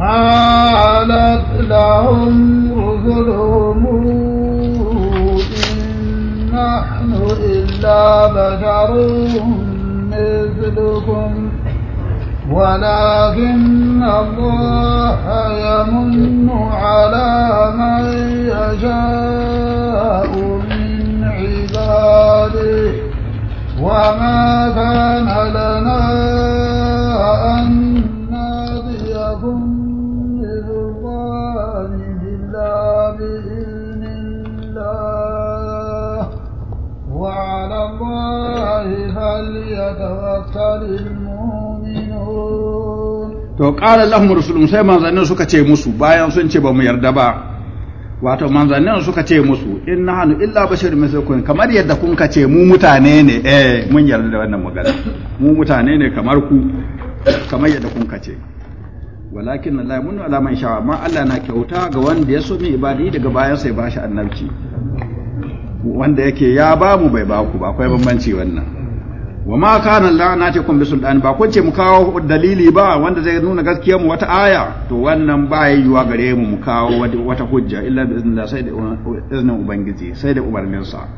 قالت لهم رسلهم إن نحن إلا بشر مثلكم ولكن الله يمن على من يشاء من عباده وما كان to ƙara lahum rusulun sai manzannin suka ce musu bayan sun ce ba mu yarda ba wato manzannin suka ce musu in na hannu illa bashar mislukum kamar yadda kun ka ce mu mutane ne eh mun yarda da wannan magana mu mutane ne kamar ku kamar yadda kun ka ce walakin na mun ala alaman shawar ma Allah na kyauta ga wanda ya so mai ibadi daga bayan sai bashi annabci wanda yake ya ba mu bai ba ku ba akwai bambanci wannan wa ma kana la'natukum bisultan ba kun ce mu kawo dalili ba wanda zai nuna gaskiyar mu wata aya to wannan ba yiwa gare mu mu kawo wata hujja illa bi iznillah sai da iznin ubangiji sai da umarnin sa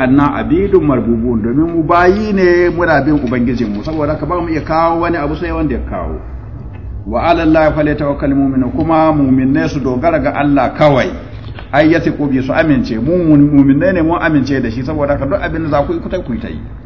anna abidun marbubun domin mu bayi ne muna bin ubangijin mu saboda ka ba mu iya kawo wani abu sai wanda ya kawo wa ala allahi falyatawakkal mu'minu kuma mu'minai su dogara ga Allah kawai ai ya ko bi su amince mu mu'minai ne mu amince da shi saboda ka duk abin da za ku yi ku ta yi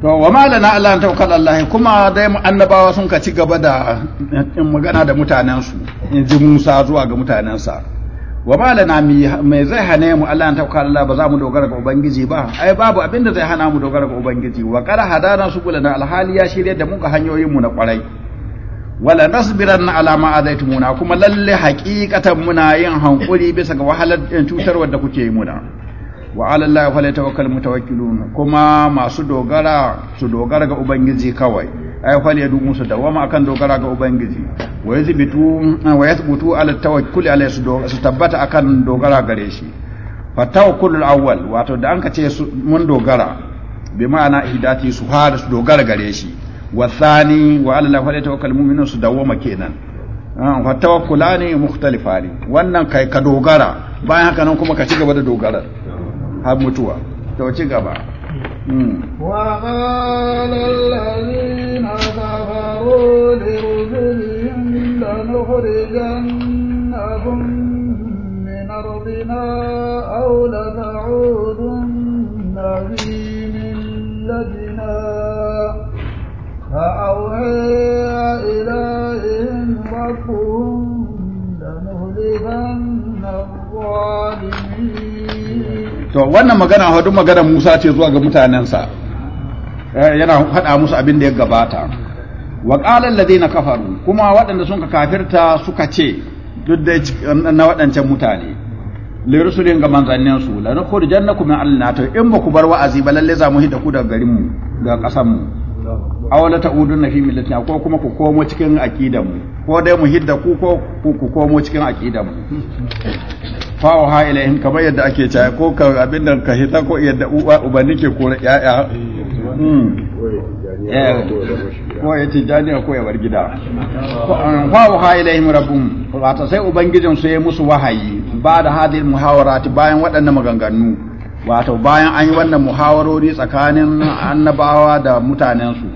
to wa malana Allah ta tawakkal Allah kuma dai annabawa sun ka ci gaba da eh, magana da mutanen su in ji Musa zuwa ga mutanen sa wa malana mai zai hane mu Allah ta tawakkal Allah ba za mu dogara ga ubangiji ba ai babu abinda zai hana mu dogara ga ubangiji wa qara hadana su na alhali ya shirye da mu ga hanyoyin mu na kwarai wala nasbiran ala ma azaitumuna kuma lalle haqiqatan muna yin hankuri bisa ga wahalar eh, cutarwar da kuke yi muna wa alallahi fa tawakkal mutawakkilun kuma masu dogara su dogara ga ubangiji kawai ay fa yadu musu dawama akan dogara ga ubangiji wa yazbitu wa yathbutu ala tawakkul ala su su tabbata akan dogara gare shi fa tawakkulul awwal wato da an ce mun dogara bi ma'ana hidati su har su dogara gare shi wa thani wa alallahi fa tawakkal mu'minun su dawama kenan ah, fa tawakkulani mukhtalifani wannan kai ka dogara bayan haka nan kuma ka ci gaba da dogarar har mutuwa to ci gaba hmm. وقال الذين كفروا لرسلهم لنخرجنكم من أرضنا أو لتعودن في ملتنا فأوحي إليهم ربهم لنهلكن الظالمين to wannan magana hadu magana Musa ce zuwa ga mutanensa eh, yana haɗa musu abin da ya gabata wa qala alladhina kafaru kuma waɗanda sun ka kafirta suka ce duk da na waɗancan mutane li rusulin ga manzannin su la nukhrijannakum min alnata in ba ku bar wa'azi ba lalle za mu hidda ku daga garin mu daga ƙasar mu aw la ta'udunna fi millati ko kuma ku komo cikin aqidan mu ko dai mu hidda ku ko ku komo cikin aqidan mu fawo ha ilaihim kamar yadda ake caya ko ka abin da ka hita ko yadda uba ubanni ke kora ya'ya hmm. eh, ko ya ce jani ko ya bar gida fawo ha ilaihim rabbum wato sai ubangijin su ya musu wahayi ba da hadin muhawarati bayan waɗannan maganganu wato bayan an yi wannan muhawarori tsakanin annabawa da mutanensu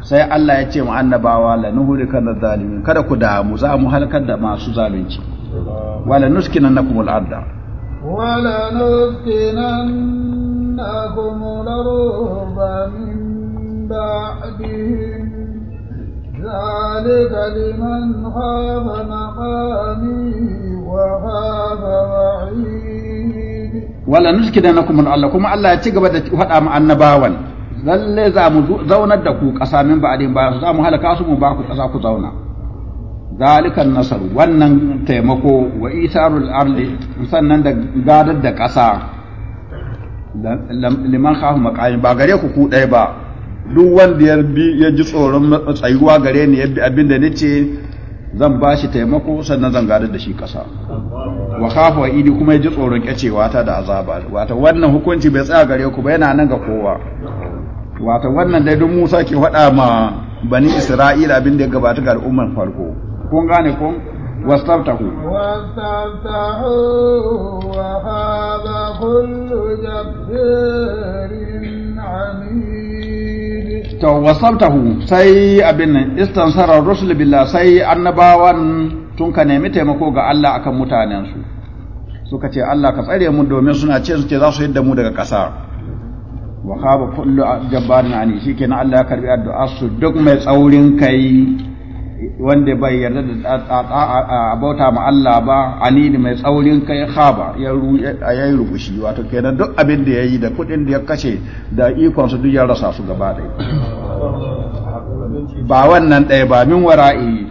sai Allah ya ce mu annabawa la nuhulika zalimin kada ku damu za mu halkar da masu zalunci wala nuskinannakum al-ardh wala nuskinannakum ذلك لمن خاف مقامي وخاف وعيد كما الله ya ci gaba da faɗa mu annabawan lalle za mu zaunar da ku ƙasa min ba'din ba za mu halaka su mu ba ku ƙasa ku zauna zalikan nasar wannan taimako wa isarul arli sannan da gadar da ƙasa liman khafu makayin ba gare ku ku ɗaya ba duk wanda ya ji tsoron tsayuwa gare ni abinda abin ce nace zan ba shi taimako sannan zan gadar da shi ƙasa wa khafu wa idi kuma ya ji tsoron kyacewa ta da azaba wato wannan hukunci bai tsaya gare ku ba yana nan ga kowa wato wannan dai duk Musa ke faɗa ma bani Isra'ila abin da ya gabata ga al'ummar farko kun gane ko wa hada kullu كل جبار to تو sai abin nan istansara rusul billah sai annabawan tun ka nemi taimako ga Allah akan mutanen su suka ce Allah ka tsare mu domin suna ce suke za su yadda mu daga ƙasa wa haba kullu jabbarin ani shikenan Allah ya karbi addu'a su duk mai tsaurin kai wanda bai yarda da abauta ma Allah ba anini mai tsaurin kai khaba ya yi rubushi wato kenan duk abin da ya yi da kudin da ya kashe da ikonsu duk ya rasa su gaba ɗaya ba wannan ɗaya ba min wara'i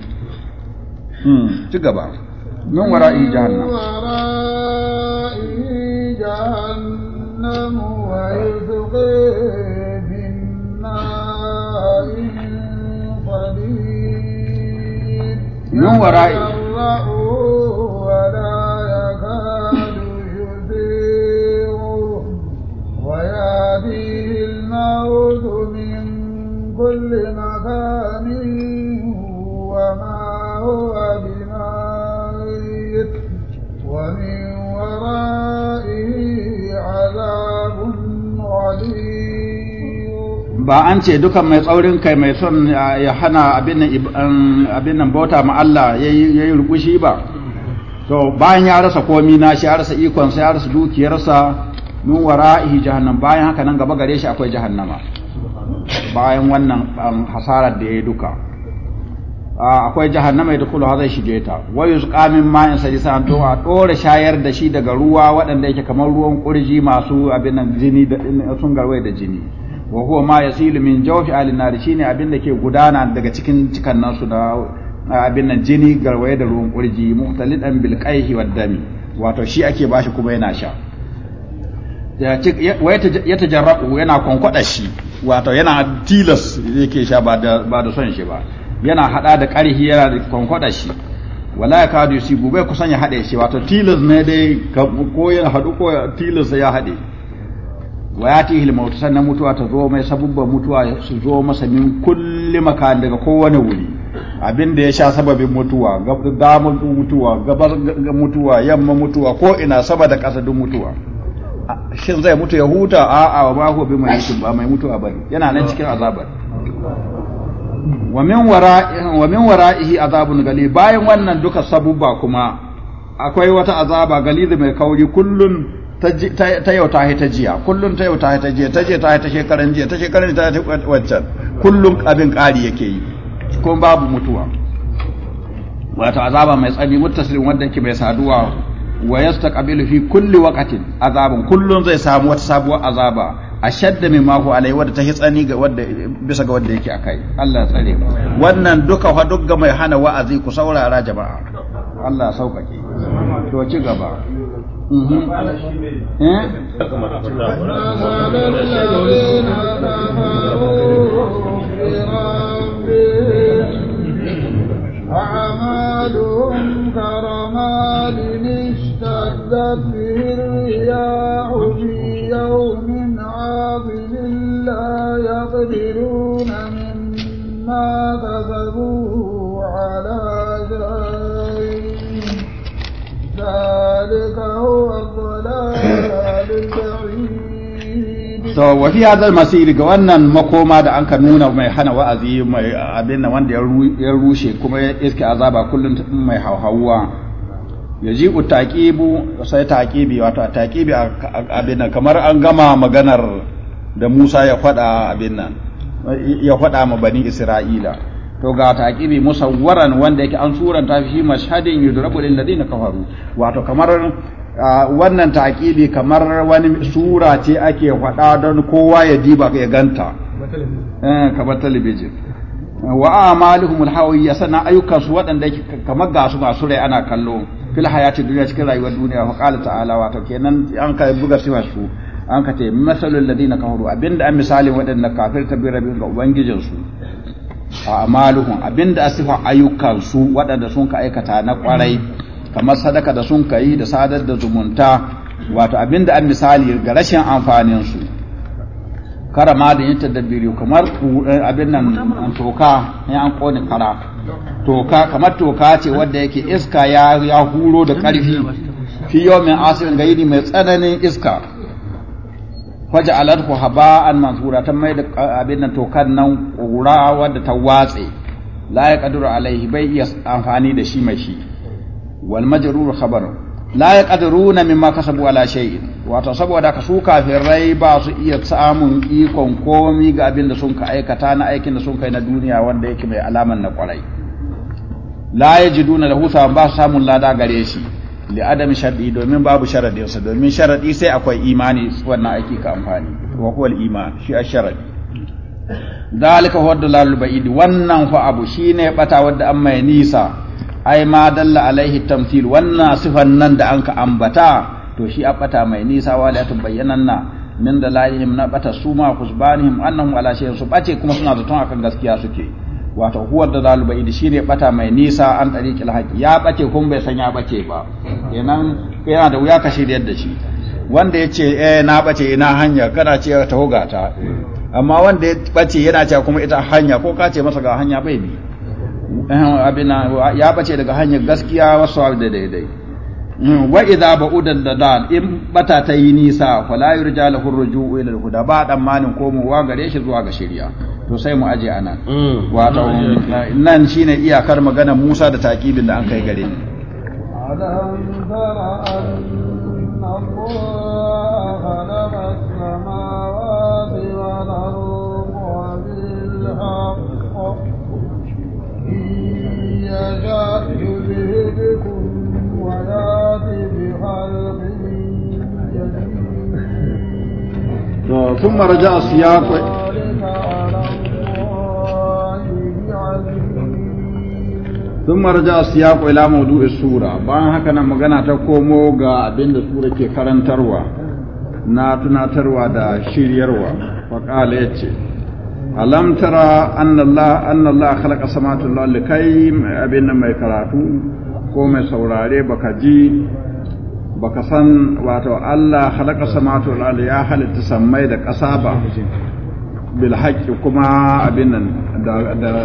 hmm, ci gaba min wara'i jahannam wara'i jahannam wa min wara'i ba an ce dukan mai tsaurin kai mai son ya hana abin nan bauta ma Allah ya yi rukushi ba to bayan ya rasa komi na shi ya rasa ikonsa ya rasa dukiyarsa wara ihi jahannam bayan haka nan gaba gare shi akwai jahannama bayan wannan um, hasarar da ya yi duka akwai jahannama ya dukulu zai shige ta wayu kamin ma'in sa to a dora shayar da shi daga ruwa waɗanda yake kamar ruwan kurji masu abin nan jini sun garwai da jini wa huwa ma yasilu min jawfi alin nar shine abin da ke gudana daga cikin cikan nasu da abin nan jini garwaye da ruwan kurji muhtalidan bil qaihi wad dami wato shi ake bashi kuma yana sha ya tajarrabu yana kwankwada shi wato yana tilas yake sha ba da ba da son shi ba yana hada da karhi yana da kwankwada shi wala ya kadu yusibu bai kusan ya hade shi wato tilas ne dai ko ya hadu ko tilas ya hade wa ya tihil mautu sannan mutuwa ta zo mai sabubban mutuwa su zo masa min kulli makan daga kowane wuri abin da ya sha sababin mutuwa gabar mutuwa gabar mutuwa yamma mutuwa ko ina sama da ƙasa duk mutuwa shin zai mutu ya huta a'a ba ko bi mai ba mai mutuwa bane yana nan cikin azabar wa min wara'ihi wa min wara'ihi azabun gali bayan wannan duka sabubba kuma akwai wata azaba gali mai kauri kullun ta yau ta ta jiya kullum ta yau ta ta jiya ta je ta ta shekaran jiya ta shekaran ta ta waccan kullum abin ƙari yake yi ko babu mutuwa wato azaba mai tsani muttasirin wanda yake mai saduwa wa yastaqbilu fi kulli waqtin azabun kullum zai samu wata sabuwar azaba ashadda mimma hu alai wadda ta hitsani ga wadda bisa ga wadda yake akai Allah ya tsare wannan duka fa duk ga mai hana wa'azi ku saurara jama'a Allah ya sauƙaƙe to ci gaba mhm. eh? أعمالهم كرمال اشتدت به الرياح في يوم عاصف لا يقدرون مما كسبوا ذلك هو الضلال البعيد so wafi masiri ga wannan makoma da an ka nuna mai hana wa'azi mai abin nan wanda ya rushe kuma ya iske azaba kullum mai hauhawuwa ya ji taqibu sai taƙibi wato a abin nan kamar an gama maganar da Musa ya faɗa abin nan ya faɗa ma bani Isra'ila to ga taqibi musawwaran wanda yake an suranta shi mashhadin yudrabu lil ladina kafaru wato kamar wannan taqibi kamar wani sura ce ake faɗa don kowa ya diba ya ganta eh, kamar talibijin wa amaluhum alhawiyya sana ayyukan su waɗanda yake kamar ga su masu rai ana kallo fil hayati duniya cikin rayuwar duniya fa qala ta'ala wato kenan an ka buga sifar su an ka ce masalul ladina kafaru abinda an misalin waɗanda kafir bi ga ubangijin su a amaluhum abinda asifa ayyukan su waɗanda sun ka aikata na kwarai kamar sadaka da sun kai da sadar da zumunta wato abinda an misali ga rashin amfanin su karama da yin tadabbiri kamar eh, abin nan an toka ya an kone kara toka kamar toka ce wanda yake iska ya huro da karfi fi yau mai asirin gaidi mai tsananin iska waje alatku haba'an mansura ta mai da abin nan tokan nan ƙura wadda ta watse la ya kaduru alaihi bai iya amfani da shi mai shi wal majrur khabaru la ya na mimma kasabu ala shay'in wato saboda ka su kafirai ba su iya samun ikon komi ga abin da sun ka aikata na aikin da sun kai na duniya wanda yake mai alaman na kwarai la na da sawan ba su samun lada gare shi li adam shar'i domin babu sharadi domin sharadi sai akwai imani wannan ake ka amfani wa huwa iman shi ash-sharadi dalika huwa dalalul ba'id wannan fa abu shine bata wadda an mai nisa ai ma dalla alaihi tamthil wannan sifan nan da anka ambata to shi abata mai nisa wa la tubayyananna min dalalihim na bata suma kusbanihim annahum ala shay'in su bace kuma suna zaton akan gaskiya suke wato huwar da zalu bai shi ne bata mai nisa an ki haqi ya bace kun bai san ya bace ba kenan yana da wuya ka shiryar da shi wanda ya ce eh na bace ina hanya kana ce ta hoga ta amma wanda ya bace yana cewa kuma ita hanya ko ka ce masa ga hanya bai bi eh, abin ya bace daga hanyar gaskiya wasu da daidai Hmm, wa idza ba'udan dadan in bata ta yi nisa fala yurja lahu ila al-huda ba dan malin wa gare shi zuwa ga shari'a to sai mu aje anan hmm. ta nan shine iyakar magana Musa da takibin da an kai gare ni alam tara يأتي بخلق جديد ثم رجع السياق ثم رجع السياق إلى موضوع السورة بان هكذا مغانا تقومو غا بين السورة كي كرنتروا na tunatarwa da shiryarwa faƙala ya ce alam tara annallah annallah khalaqa samawati wal ardi kai abin mai karatu ko mai saurare ka ji baka san wato Allah halaka samatu wal ya halitta sammai da ƙasa ba bil haqqi kuma abin nan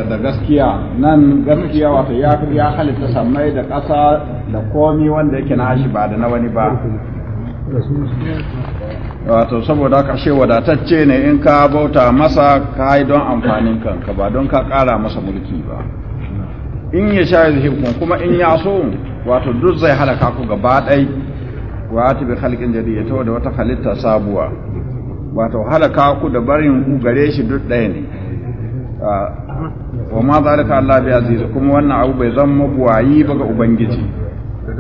da gaskiya nan gaskiya wato ya ya halitta sammai da ƙasa da komi wanda yake na shi ba da na wani ba wato saboda haka shi wadatacce ne in ka bauta masa ka yi don amfanin kanka ba don ka ƙara masa mulki ba in ya sha yuzhibkum kuma in ya so wato duk zai halaka ku gaba ɗai wa ati bi halkin jari ya tawo da wata halitta sabuwa wato halaka ku da barin ku gare shi duk ɗaya ne ah, wa ma za zalika Allah bi azizu kuma wannan abu bai zan muku wayi ba ga ubangiji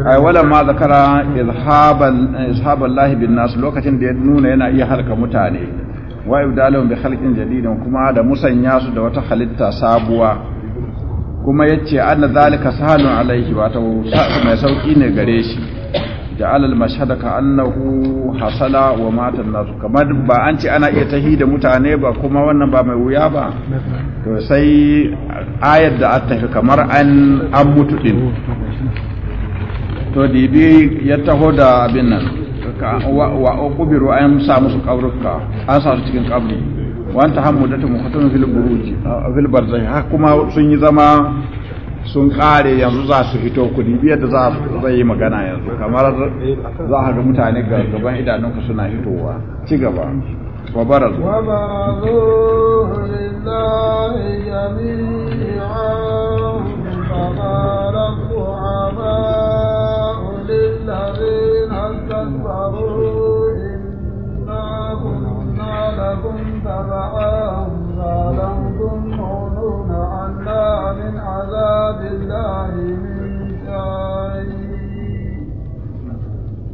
ai wala ma zakara izhaban izhaban lahi bin lokacin da ya nuna yana iya halaka mutane wa ibdalahum bi khalqin jadidin kuma da musanya su da wata halitta sabuwa kuma yace anna zalika sahalun alaihi wata mai sauki ne gare shi da alal mashhada ka annahu hasala wa matan nasu kamar ba an ce ana iya tahi da mutane ba kuma wannan ba mai wuya ba to sai ayar da an tafi kamar an an mutu din to dibi ya taho da abin nan wa ukubiru an sa musu kabrukka an sa su cikin kabri wanta hamudatu mukhatan fil buruj fil zai ha kuma sun yi zama sun kare yanzu za su fito kudi biyar da za su yi magana yanzu kamar za a ga mutane gaban idanunka suna fitowa ci gaba wa barazu فقال لكم تبعاهم فلم تغنون عنا من عذاب الله من شيء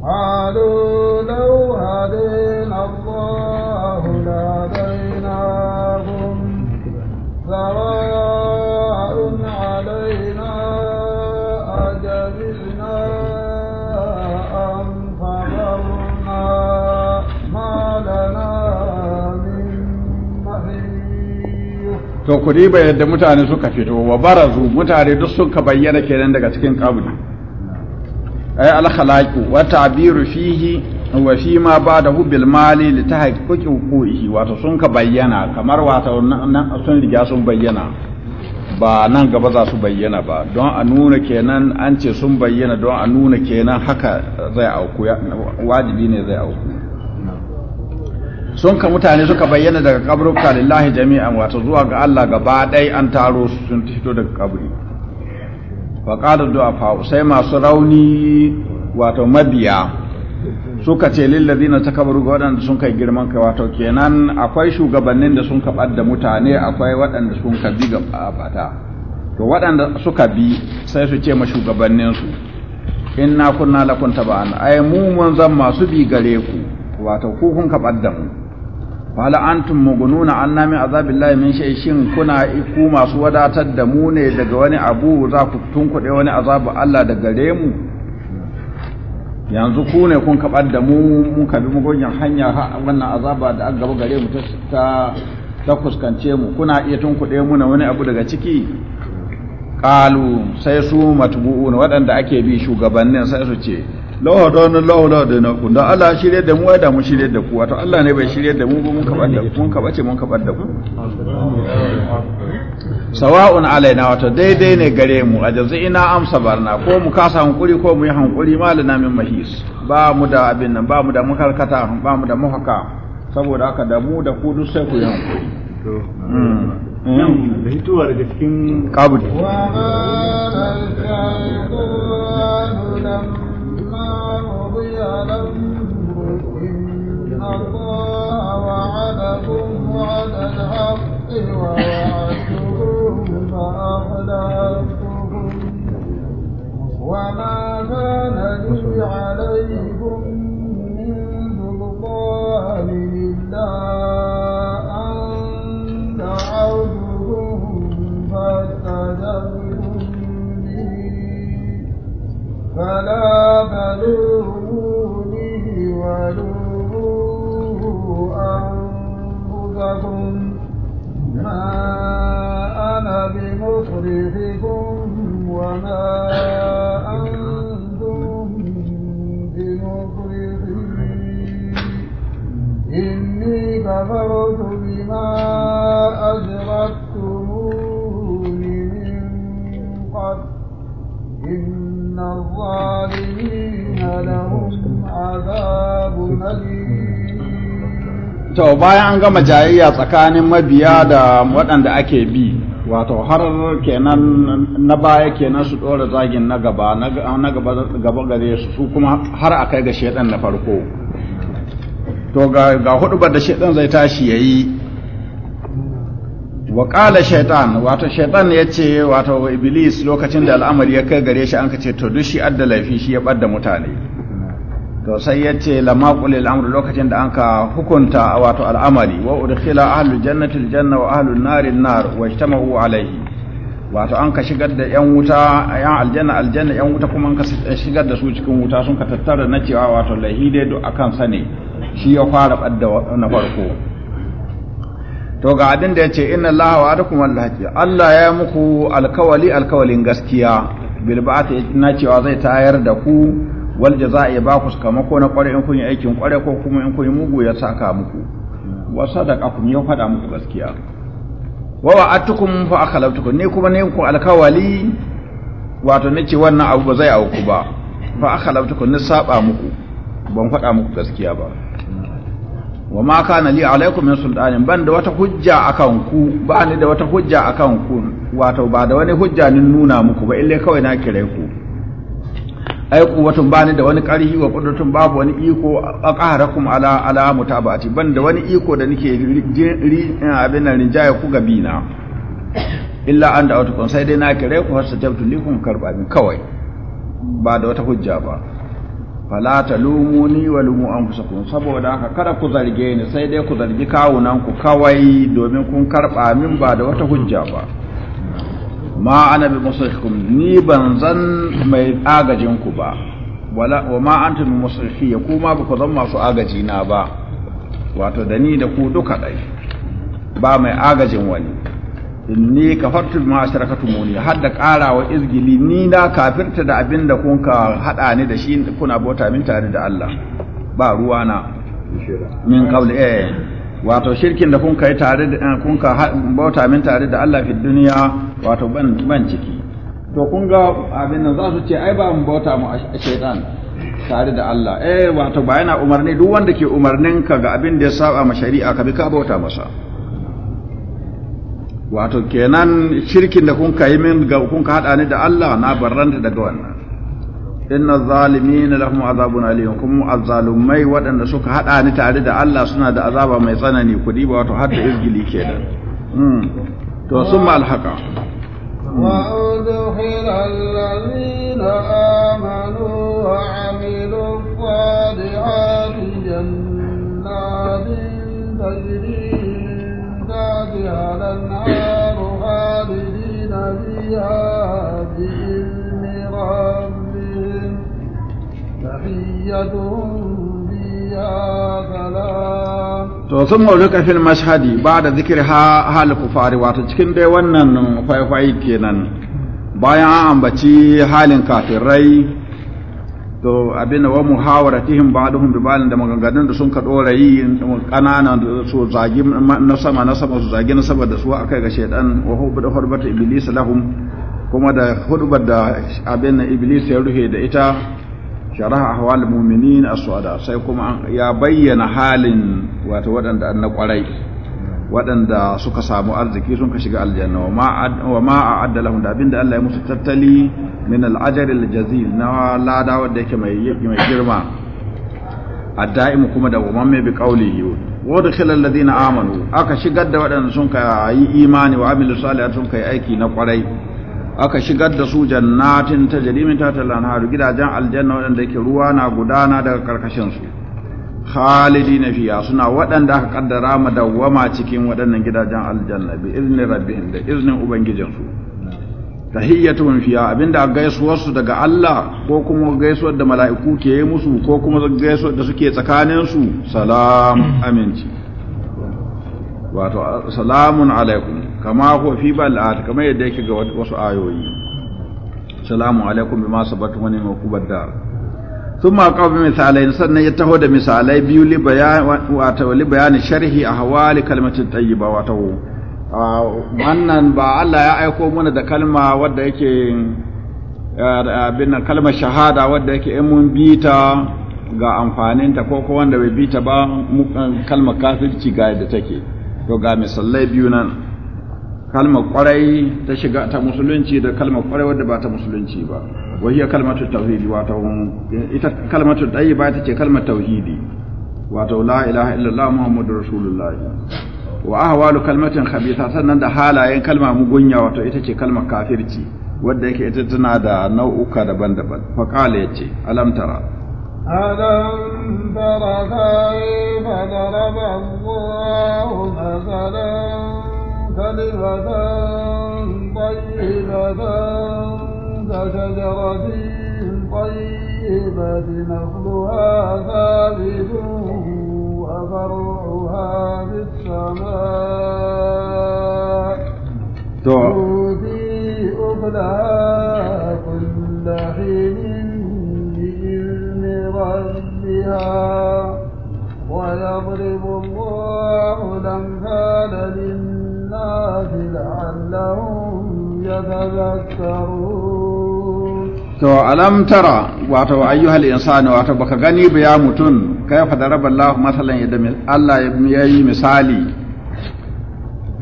قالوا لو هدينا الله لهديناهم سواء علينا to ku riba yadda mutane suka fito wa barazu mutane duk suka bayyana kenan daga cikin kabri ay al khalaqu wa ta'biru fihi wa fi ma ba'dahu bil mali li tahqiqi huquqihi wato sun ka bayyana kamar wato nan sun riga sun bayyana ba nan gaba za su bayyana ba don a nuna kenan an ce sun bayyana don a nuna kenan haka zai auku wajibi ne zai auku sun ka mutane suka bayyana daga kabruka lillahi jami'an wato zuwa ga Allah gaba ɗai an taro sun fito daga kabri wa qala fa sai masu rauni wato mabiya suka ce lil ladina takabaru ga waɗanda sun kai girman kai wato kenan akwai shugabannin da sun ka da mutane akwai waɗanda sun ka bi ga bata to waɗanda suka bi sai su ce ma shugabannin su inna kunna lakum taba'an ay mu mun zan masu bi gare ku wato ku kun ka da mu wala antum mugununa anna min azabillahi min shay shin kuna iku masu wadatar da mu ne daga wani abu za ku tunkuɗe wani azabu Allah da gare mu yanzu ku ne kun kabar da mu mun kabi mugunyan hanya wannan azaba da aka gaba gare mu ta ta mu kuna iya tunkuɗe mu na wani abu daga ciki qalu sai su matbu'un waɗanda ake bi shugabannin sai su ce lawa da wannan da lawa kun da Allah shirye da mu ya da mu shirye da ku wato Allah ne bai shirye da mu ba mun kabar da mun kabar ce mun kabar da ku sawa'un alaina wato daidai ne gare mu a ina amsa barna ko mu kasa hankuri ko mu yi hankuri malana min mahis ba mu da abin nan ba mu da mukarkata ba mu da muhaka saboda haka da mu da ku duk sai ku yi hankuri mm. Mm. da hituwa daga cikin kaburi فلما قضي الأمر إن الله وعدكم وعد الحق ووعدتكم فأخلفتكم وما كان لي عليكم من سلطان الله فلا بلغوني ولوه أنفسكم ما أنا بمصرخكم وما أنتم بمصرخي إني كفرت بما أجرت to bayan an gama jayayya tsakanin mabiya da waɗanda ake bi wato har kenan na baya kenan su ɗora zagin na gaba na gaba gare su kuma har a kai ga shaidan na farko to ga hudu da shaidan zai tashi ya yi. wa ƙala shaitan wato shaitan ya ce wato iblis lokacin da al'amari ya kai gare shi an ka ce to duk shi adda laifi shi ya ɓadda mutane to sai ya ce lama ƙulil amru lokacin da an ka hukunta wato al'amari wa udkhila ahlul jannati aljanna wa ahlun nari nar wa ijtama'u alayhi wato an ka shigar da yan wuta yan aljanna aljanna yan wuta kuma an ka shigar da su cikin wuta sun ka tattara na cewa wato lahide dai duk akan shi ya fara ɓadda na farko to ga abin da ya ce inna Allah wa adakum wallahi Allah ya muku alkawali alkawalin gaskiya bil ba'ati na cewa zai tayar da ku wal jaza'i ku baku ko na kware in kun yi aikin kware ko kuma in kun yi mugu ya saka muku wa kun ya faɗa muku gaskiya wa wa'atukum fa akhlaftukum ni kuma ne ku alkawali wato ce wannan abu ba zai auku ba fa akhlaftukum ni saba muku ban faɗa muku gaskiya ba wa ma kana li alaikum min sultanin ban da wata hujja akan ku ba ni da wata hujja akan ku wato ba da wani hujja nin nuna muku ba illai kawai na kire ku ai kuwatun ba ni da wani karhi wa kudurtun babu wani iko a qaharakum ala ala mutabati ban da wani iko da nike ri abin nan rinjaye ku gabi na illa an da wata kun sai dai na kire ku har sajabtu likum karbabin kawai ba da wata hujja ba fala ni wa lumu an anfusakum saboda haka kada ku zarge ni sai dai ku zargi kawunan ku kawai domin kun karɓa min ba da wata hujja ba ma ana bi musrikum ni ban zan mai agajin ku ba wa ma antum ya kuma ba ku zan masu agaji na ba wato da ni da ku duka dai ba mai agajin wani ni kafartu bima muni har da karawa izgili ni na kafirta da abinda kun ka hada ni da shi kuna bota min tare da Allah ba ruwa na min qabli eh wato shirkin da kun kai tare da eh, kun ka bota min tare da Allah fi duniya wato ban ban ciki to kun ga abin nan za su ce ai ba mu bauta mu shaytan tare da Allah eh wato ba yana umarni duk wanda ke umarnin ka ga abin da ya saba ma shari'a ka bi ka bauta masa wato kenan shirkin da kun kai min ga kun ka hada ni da Allah na barranta daga wannan inna zalimin lahum azabun alim kuma azzalumai waɗanda suka hada ni tare da Allah suna da azaba mai tsanani kudi ba wato har da izgili kenan hmm. to summa alhaqa وأدخل الذين آمنوا عليها النار خالدين فيها بإذن to sun mauluka kafin mashhadi ba da zikir ha kufari wato cikin dai wannan faifai kenan bayan an ambaci halin kafirai to abin da wa muhawaratihim ba'dhum bi ba'd da maganganun da sun ka dora yi kanana su zagi na sama na sama su zagi na sama da su akai ga shaidan wa hubu da hurbata iblis lahum kuma da hudubar da abin da iblis ya ruhe da ita sharaha ahwal mu'minin as-su'ada sai kuma ya bayyana halin wato waɗanda na kwarai waɗanda suka samu arziki sun ka shiga aljanna wa ma a'adda lahum da abin da Allah ya musu tattali min al'ajar jazil na lada wadda yake mai girma da'imu kuma da umamme bi qawlihi wa dukhila na amanu aka shigar da waɗanda sun ka yi imani wa amilu salihat sun kai aiki na kwarai aka shigar da su jannatin ta jarimin tahtiha al gidajen aljanna waɗanda yake ruwa na gudana daga karkashin su na fiya suna waɗanda aka kaddara madawwama cikin waɗannan gidajen aljanna bi izni rabbihim da iznin ubangijinsu tahiyyatun fiya abinda gaisuwar su daga Allah ko kuma gaisuwar da mala'iku ke yi musu ko kuma gaisuwar da suke tsakanin su salam aminci wato salamun alaikum kama ko fi bal'at kama yadda yake ga wasu ayoyi salamun alaikum bima sabatu wani makubar dar ثم misalai بمثالين سنة يتهو ده مثالي بيو wato واتو لبيان شرح أحوال kalmatin tayyiba wato. wannan ba Allah ya aiko mana da kalma wadda yake eh, abin nan kalmar shahada wadda yake in mun bita ga amfaninta ko ko wanda bai bita ba eh, kalmar kafirci ga yadda take to ga misallai biyu nan kalmar kwarai ta shiga ta musulunci da kalmar kwarai wadda ba ta musulunci ba wa hiya kalmatu tauhidi wato ita kalmatu tayyiba ita ce kalmar tauhidi wato la ilaha illallah muhammadur rasulullah wa ahwalu kalmatin khabitha sannan da halayen kalma mugunya wato ita ce kalmar kafirci wadda yake ita tana da nau'uka daban-daban fa qala yace alam tara alam tara kayfa daraba Allahu masalan kalimatan tayyibatan كشجرة طيبة نخلها ثابت فروعها في السماء تؤتي أكلها كل حين بإذن ربها ويضرب الله الأمثال للناس لعلهم يتذكرون to alam tara wato ayyuhal insani wato baka gani ba kaifa daraba Allah masalan yadda Allah ya yi misali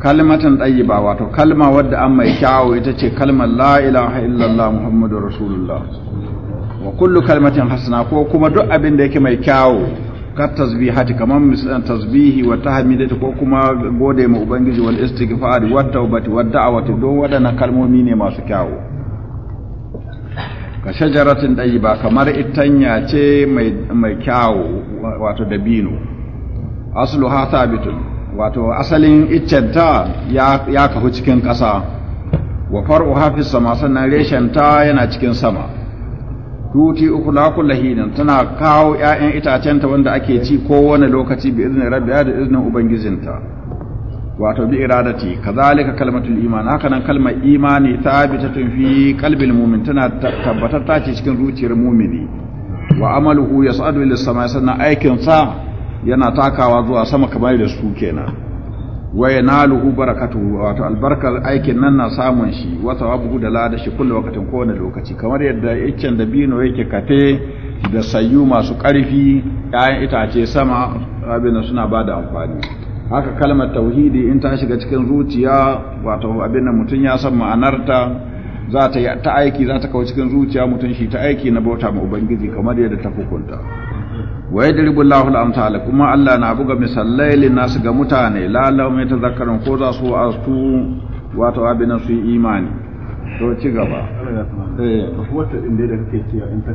kalmatan tayyiba wato kalma wadda an mai kyawo ita ce kalmar la ilaha illallah muhammadur rasulullah wa kullu kalmatin hasana ko kuma duk abin da yake mai kyawo ka tasbihati kamar misalan tasbihi wa tahmidati ko kuma gode ma ubangiji wal istighfar wa tawbati wa da'awati do wadana kalmomi ne masu kyawo ka shajaratin ɗayi ba kamar itanya ce mai kyawo wato dabino asulu ha sabitun wato asalin iccenta ya kafu cikin ƙasa wa far'u hafis sama sannan reshenta yana cikin sama tuti uku kula hinin tana kawo 'ya'yan itacenta wanda ake ci kowane lokaci bi izinin rabbiya da izinin ubangijinta wato bi iradati kazalika kalmatul iman haka nan kalmar imani ta fi qalbil mu'min tana tabbatar ta ce cikin zuciyar mu'mini wa amaluhu yas'adu lis samai sanna aikin sa yana takawa zuwa sama kamar da su kenan wa yanaluhu barakatu wato albarkar aikin nan na samun shi wa thawabuhu da lada shi kullu wakatin kowane lokaci kamar yadda iccen bino yake kate da sayu masu ƙarfi 'ya'yan itace sama abin suna bada amfani haka kalmar tauhidi in ta shiga cikin zuciya wato abinda mutum ya san ma'anarta za ta ta aiki za ta kawo cikin zuciya mutum shi ta aiki na bauta ma ubangiji kamar yadda ta hukunta wa da ribullahu al kuma Allah na buga misalai lin nasu ga mutane la law mai zakaran ko za su astu wato abin su yi imani to ci gaba eh wata inda da kake cewa in ta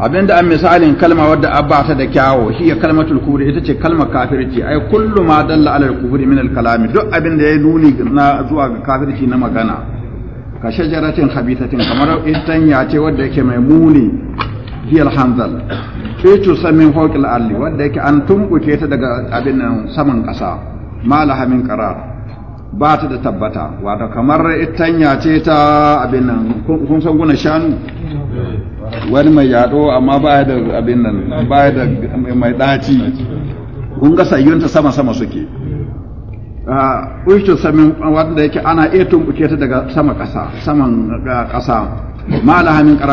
abinda an misalin kalma wadda abba ta da kyawo ya kalmatul kuri ita ce kalma kafirci ai kullu ma dalla ala al min al-kalami duk da ya nuni na zuwa ga kafirci na magana ka shajaratin habitatin kamar itan ya ce wadda yake mai muni fi al-hanzal fi tusamin fawqil alli. wadda yake an tumbuke ta daga abin nan saman kasa malaha min qarar ba ta da tabbata wato kamar itan ya ce ta abin nan kun san guna shanu wani mai yado amma ba da abin nan ba da mai daci kun ga sayyunta sama sama suke ah, ushtu samin wanda yake ana iya tumbuke ta daga sama ƙasa saman ah, ƙasa ma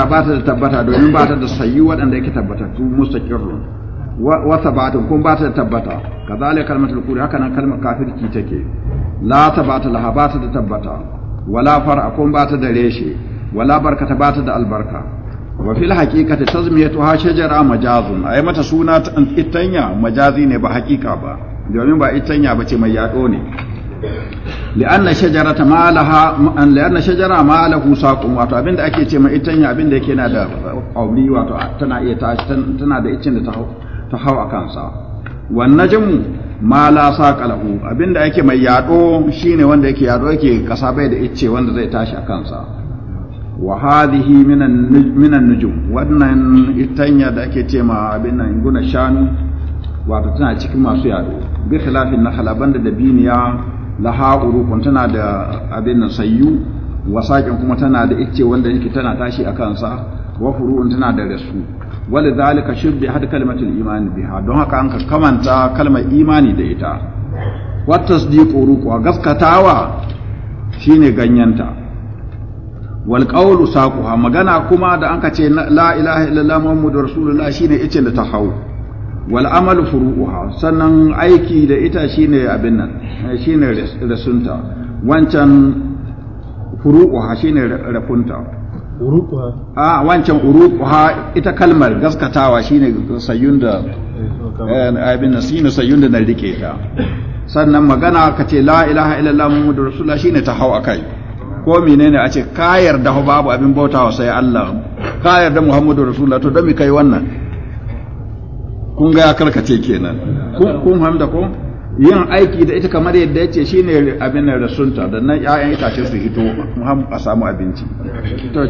ba ta da tabbata domin ba ta da sayyu waɗanda yake tabbatattu mustaqirrun wa tabatun kun ba ta da tabbata kazalika kalmatul kuri haka nan kalmar kafirci take la tabata laha ba ta da tabbata wala far'a kun ba ta da reshe wala barkata ba ta da albarka wa fil haqiqati tazmiyatuha shajara majazun ai mata suna itanya majazi ne ba haqiqa ba domin ba itanya ba ce mai yado ne li'anna shajarata malaha an li'anna shajara malahu saqum wato abinda ake ce mai itanya abinda yake na da auri, wato tana iya tashi tana da icin da ta hau ta hau akan sa wan najmu ma la saqalahu abinda yake mai yado shine wanda yake yado yake kasa bai da icce wanda zai tashi a kansa. wa hadhihi minan nujum wannan itanya da ake ce ma abin nan guna shanu wato tana cikin masu yado bi khilafin nakhla banda da biniya laha urukun tana da abin nan sayyu wa sakin kuma tana da icce wanda yake tana tashi a kansa wa furu'un tana da rasu wal zalika shubbi had kalmatul imani biha don haka an ka kamanta kalmar imani da ita wa tasdiqu ruku gaskatawa shine ganyanta wal qawlu saquha magana kuma da an ce la ilaha illallah muhammadur rasulullah shine ita da ta hau wal amalu furu'uha sannan aiki da ita shine abin nan shine rasunta wancan furu'uha shine rafunta uruquha a wancan uruquha ita kalmar gaskatawa shine sayyun da eh, abin nan shine sayyun da na rike ta sannan magana ka ce la ilaha illallah muhammadur rasulullah shine ta hau akai ko menene a ce ka yarda babu abin bautawa sai Allah ka yarda Muhammadu Rasulullah to don mi kai wannan kun ga karkace kenan kun hamda ko yin aiki da ita kamar yadda ya ce shi ne abin da sunta da nan ‘ya'yan itace su hito a samu abinci. To,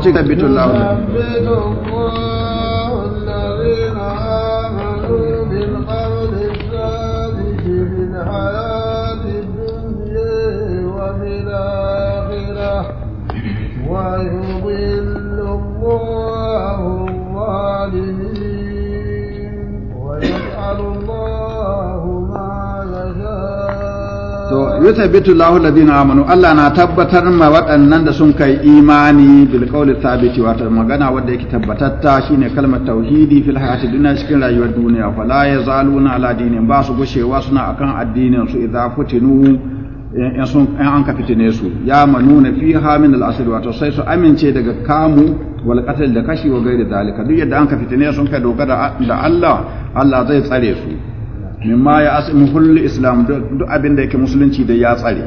yuthabitu Allahu alladhina amanu Allah na tabbatar ma waɗannan da sun kai imani bil qawli thabiti wato magana wanda yake tabbatatta shine kalmar tauhidi fil hayati dunya cikin rayuwar duniya fa la yazaluna ala dinin ba su gushewa suna akan addinin su idza futinu in sun an ka fitine su ya manuna fiha min al asr wato sai su amince daga kamu wal qatl da kashi wa gairi dalika duk yadda an ka fitine sun kai dogara da Allah Allah zai tsare su mimma ya asmi hulli islam duk abin da yake musulunci da ya tsare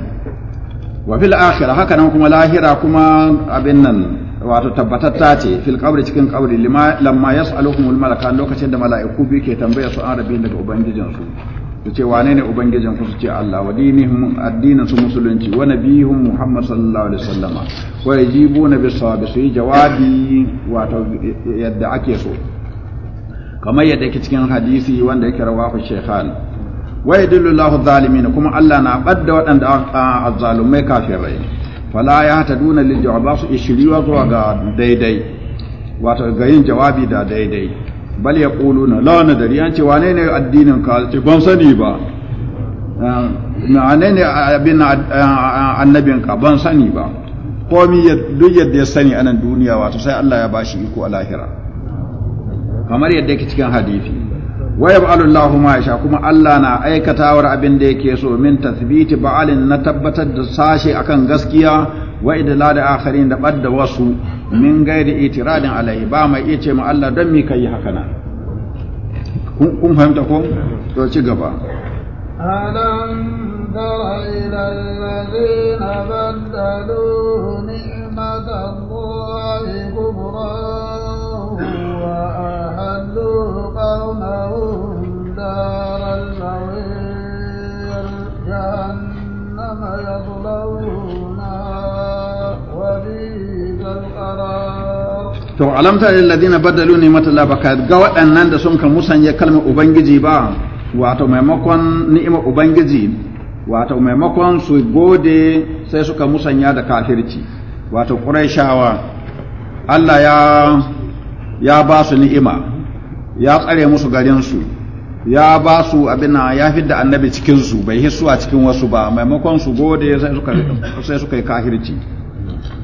wa fil akhirah haka nan kuma lahira kuma abin nan wato tabbatatta ce fil qabri cikin qabri lamma yas'aluhumul malaka lokacin da mala'iku biyu ke tambaya su an rabi daga ubangijin su su ce wane ne ubangijin ku su ce Allah wa dinihum addinin su musulunci wa nabiyuhum Muhammad sallallahu alaihi wasallama wa yajibuna bis sawabi su yi jawabi wato yadda ake so kamar yadda yake cikin hadisi wanda yake rawahu shaykhan wa yadullu Allahu zalimin kuma Allah na badda waɗanda azzalumai kafirai fala ya taduna lil jawab su ishiriwa zuwa ga daidai wato ga yin jawabi da daidai bal yaquluna la nadari an ce wane ne addinin ka ce ban sani ba wane ne abin annabin ka ban sani ba komi duk yadda ya sani anan duniya wato sai Allah ya bashi iko a lahira kamar yadda yake cikin hadisi wa yaf'alu Allahu ma yasha kuma Allah na aikatawar abin da yake so min tathbiti ba'alin na tabbatar da sashe akan gaskiya wa idla da akharin da badda wasu min gairi itiradin alai ba mai iya ce ma Allah don mi kai haka na kun fahimta ko to ci gaba ألم تر إلى الذين بدلوا نعمة الله to alam ta ladina badalu ni'mat Allah baka ga waɗannan da sun ka musanya kalmar ubangiji ba wato maimakon ni'imar ubangiji wato maimakon su gode sai suka musanya da kafirci wato quraishawa Allah ya ya ba su ni'ima ya tsare musu garinsu ya ba su abin ya fidda annabi cikinsu bai hissu a cikin wasu ba maimakon su gode sai suka yi kahirci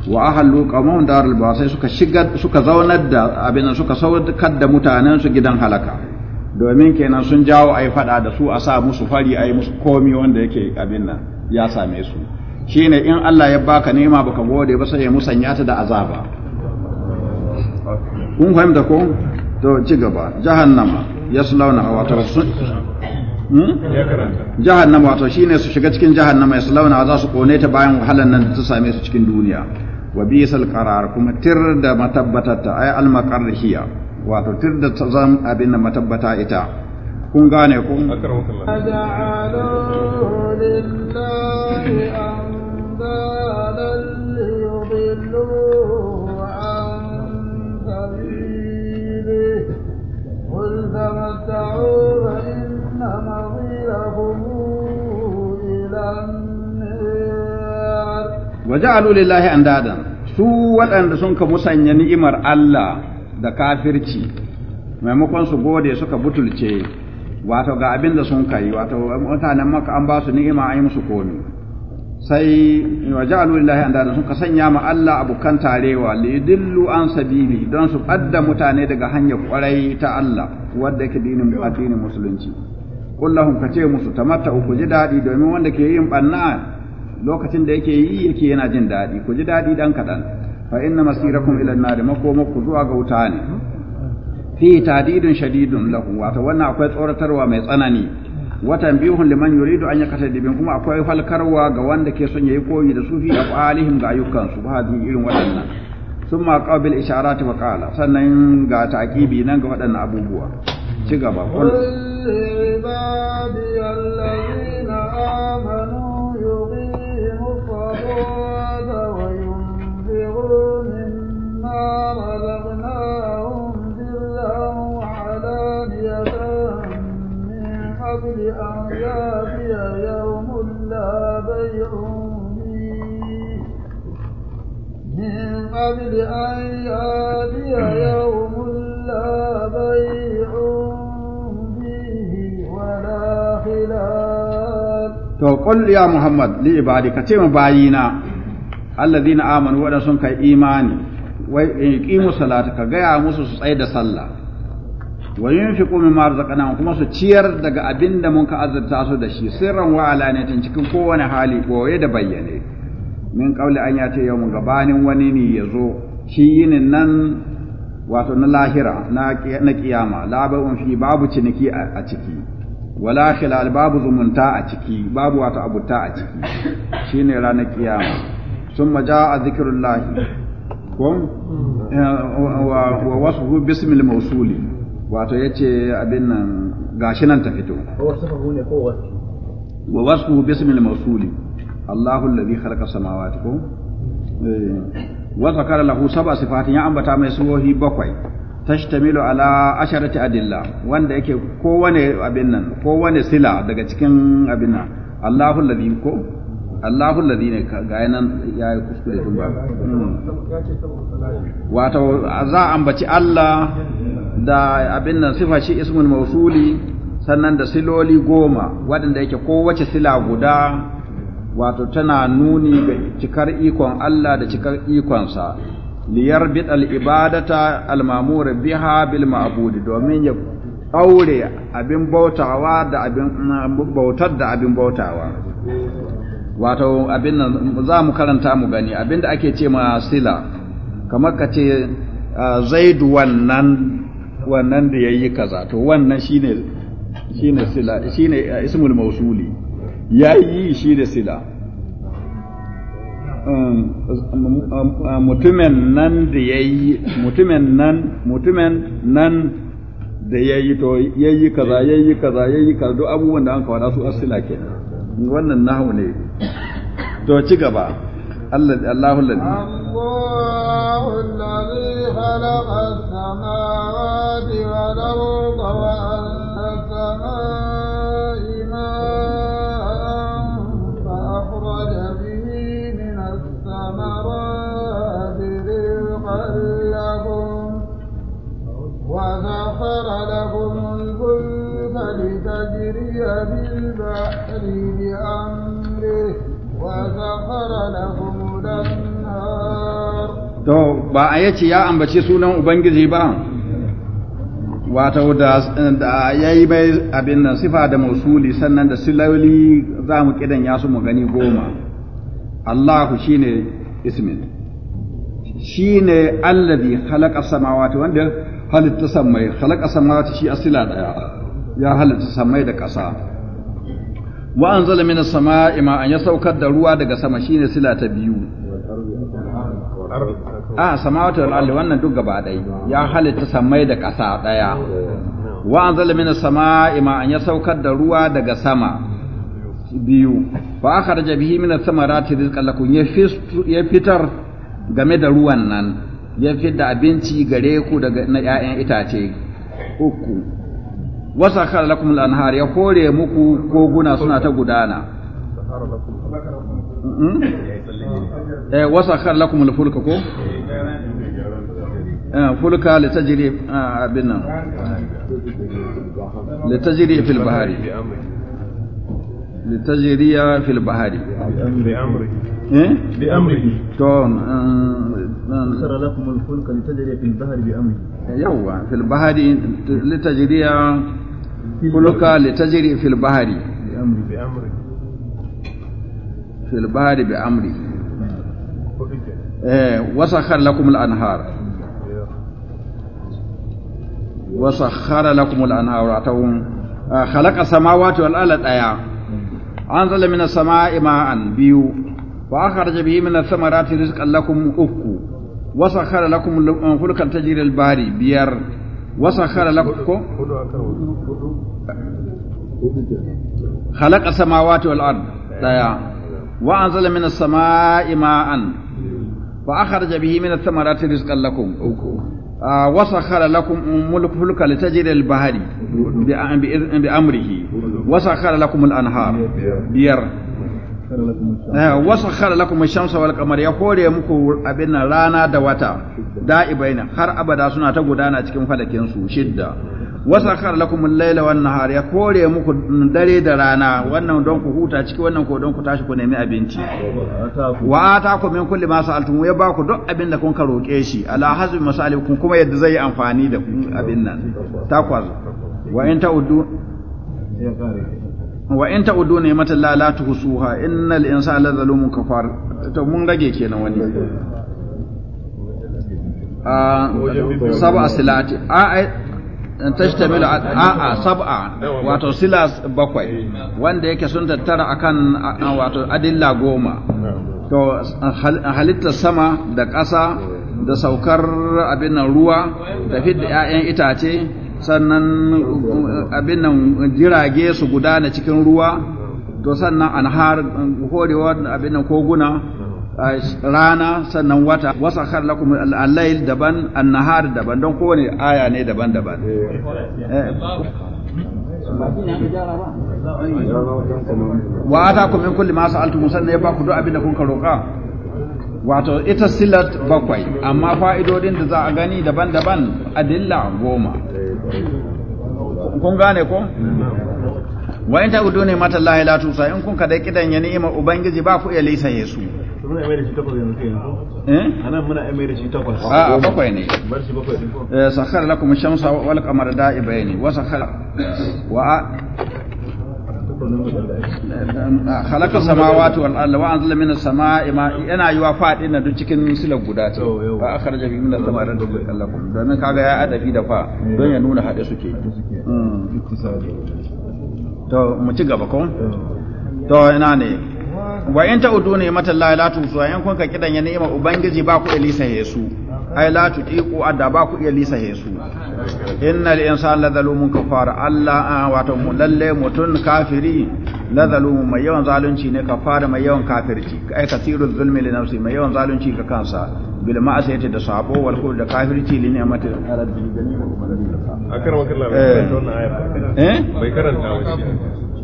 wa ahallu qawmun darul ba sai suka shiga suka zaunar da abin suka saukar da mutanen su gidan halaka domin kenan sun jawo ai fada da su a sa musu fari ai musu komi wanda yake abin nan ya same su shine in Allah ya baka nema baka gode ba sai ya musanya ta da azaba kun fahimta ko to ci gaba jahannama yaslawna wato hmm? jahannama wato shine su shiga cikin jahannama yaslawna za su kone ta bayan wahalan nan ta same su cikin duniya wa bisal qarar kuma tir da matabbatata ay al maqarrihiya wato tir da tazam abin da matabbata ita kun gane ku lillahi waja'alu lillahi andadan su waɗanda sun ka musanya ni'imar Allah da kafirci maimakon su gode suka butulce wato ga abin da sun kai wato mutanen maka an ba su ni'ima an yi musu komi sai waja'alu lillahi andadan sun ka sanya ma Allah abu kan tarewa li yudillu an sabili don su adda mutane daga hanyar kwarai ta Allah wadda yake dinin addinin musulunci kullahum kace musu tamatta ku ji dadi domin wanda ke yin banna lokacin da yake yi yake yana jin daɗi ku ji daɗi dan kaɗan fa inna masirakum ila an-nar makomakku zuwa ga wuta ne fi tadidun shadidun lahu wato wannan akwai tsoratarwa mai tsanani watan bihun liman yuridu an yakata dibin kuma akwai falkarwa ga wanda ke son yayi koyi da sufi a qalihim ga ayyukan su ba irin waɗannan summa qabil isharati wa qala sannan ga taqibi nan ga waɗannan abubuwa ci gaba qul رَزَقْنَاهُمْ بِرًّا وَحَلَانِيَةً مِّن قَبْلِ أَن يَأْتِيَ يَوْمٌ لَّا بَيْعٌ فِيهِ وَلَا خِلَالٌ To, ƙul ya Muhammad li ibadi, ka ce ma bayina, allazina amanu waɗanda sun kai imani, wai yuqimu salata ka gaya musu su tsaye da sallah wa yunfiqu mimma razaqnahum kuma su ciyar daga abinda mun ka azurta su da shi sirran wa alaniyatin cikin kowane hali boye da bayyane min qawli an ya ce yau mun gabanin wani ne yazo shi yinin nan wato na lahira na kiyama labarun fi babu ciniki a ciki wala khilal babu zumunta a ciki babu wato abuta a ciki shine ranar kiyama summa jaa zikrullahi Kom? Eh, wa wasfu bismil mawsuli wato yace abin nan gashi nan ta fito wa wasu bisu mil mawsuli Allahu alladhi khalaqa samawati ko eh, wata zakara lahu sab'a sifatin ya ambata mai suwohi bakwai tashtamilu ala asharati adilla wanda yake kowane abin nan kowane sila daga cikin abin nan Allahu alladhi ko Allahu alladhi ne ga nan ya yi kuskure tun ba hmm. wato za a ambaci Allah da abin nan sifa shi ismin mausuli sannan da siloli goma waɗanda yake kowace sila guda wato tana nuni ga cikar ikon Allah da cikar ikonsa liyar bidal ibadata almamura biha bil ma'budi domin ya aure abin bautawa da abin bautar da abin bautawa wato abin nan za mu karanta mu gani abin da ake ce ma sila kamar ka ce zaidu wannan wannan da yayi kaza to wannan shine shine sila shine ismul mausuli yayi da sila um, um, um, mutumin nan da yayi mutumin nan mutumin nan da yayi to yayi kaza yayi kaza yayi kaza duk abubuwan da an kawo su asila kenan wannan nahu ne to ci gaba Allah Allahu ladhi Allahu khalaqa as-samawati wal arda wa anzala ma'an fa akhraja bihi min as rizqan lakum wa lakum لتجري بالبحر بأمره وسخر لهم الأنهار To, ba a yace ya ambaci sunan Ubangiji ba, wato da ya yi mai abin nan sifa da mausuli sannan da siloli za mu kidan ya su mu gani goma. Allahu shi ne ismin, shi ne allazi halaka samawati wanda halitta sammai, halaka samawati shi asila daya. ya halitta samai da ƙasa wa anzala minas sama'i ma'an ya saukar da ruwa daga sama shine sila ta biyu a samawata wal ardi wannan duk gaba ɗaya ya halitta samai da ƙasa ɗaya wa anzala minas sama'i ma'an ya saukar da ruwa daga sama biyu fa akhraja bihi mina samarati rizqan lakum ya fitar game da ruwan nan ya fitar da abinci gare ku daga na 'ya'yan itace uku wasa kala lakum al-anhar ya kore muku koguna suna ta gudana hmm? eh wasa kala lakum al-fulka ko eh fulka litajri ah, abin nan tajri fil bahari tajriya fil bahari bi amri إيه؟ بأمره توم آه، آه، آه. سخر لكم الفلك لتجري في البحر بأمره يوا في البحر لتجري فلك لتجري في البحر بأمره بأمره في البحر بأمره إيه، وسخر لكم الأنهار وسخر لكم الأنهار خلق السماوات والأرض أيا أنزل من السماء ماء بيو wa akhraj bihi min ath-thamarati rizqan lakum ukku wa sakhara lakum al-fulka tajri al-bari biyar wa sakhara lakum khalaqa samawati wal ard daya wa anzala min وسخر لكم الفلك لتجري البحر بأمره وسخر لكم الأنهار بير Eh, wasakhar lakum ash-shamsa wal qamar ya kore muku abin nan rana da wata da'ibaina har abada suna ta gudana cikin falakin su shidda wasakhar lakum al-laila wan nahar ya kore muku dare da rana wannan don ku huta ciki wannan ko don ku tashi ku nemi abinci wa ataku min kulli ma sa'altum ya baku duk abin da kun ka roke shi ala hazbi masalikum kuma yadda zai amfani da abin nan takwas wa in ta'uddu ya kare wa in ta'udu ni'matal la la tuhsuha innal insana zalumun kafar to mun rage kenan wani ah, a sab'a silati a tashtamilu a a sab'a wato silas bakwai wanda yake sun tattara akan wato adilla goma to halitta sama da ƙasa da saukar abin ruwa da fidda 'ya'yan itace sannan abin nan jirage su gudana cikin ruwa to sannan an har, horewa abin nan koguna rana sannan wata wasa har al-layl daban an-nahar daban don kowane aya ne daban-daban eh. wa atakum min kulli ma sa'altum sannan ya baku duk abin da kun ka roka wato ita silat bakwai amma fa'idodin da za a gani daban-daban adilla goma kun gane ko wa in ta'udu ne mata Allah la tusa in kun dai kidan ya ni'ima ubangiji ba ku iya lisa yesu muna mai da shi takwas yanzu eh ana muna mai da shi takwas a bakwai ne bar shi bakwai din ko eh, sakhar lakum shamsa wal qamara da'ibaini wa sakhar wa خلق السماوات والارض وانزل من السماء ماء انا يوا yana yiwa fadin na duk cikin silar guda ce fa akhraja bi da sama'i ran lakum domin kaga ya adabi da fa don ya nuna hade suke mm. to mu ci gaba ko to ina ne wa in ta'udu ne mata la la wa in kun ka kidan ya ni'ima ubangiji ba ku ilisa yesu ai la tutiqu adda ba ku iya lisa yesu innal insana la zalumun Allah, a ah, wato mu lalle mutun kafiri la zalumun mai yawan zalunci ne kafara mai yawan kafirci ai kasirul zulmi li nafsi mai yawan zalunci ga kansa bil ma'asiyati da sabo wal kufr da kafirci li ni'mati araddi akar wakar la eh bai karanta wace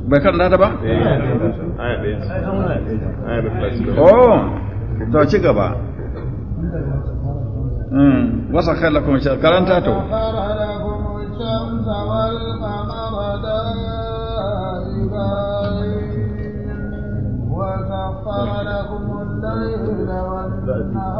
bai kan da ba? Eh, oh, to ci gaba. Mm. wasa kai lakum shi karanta to Uh,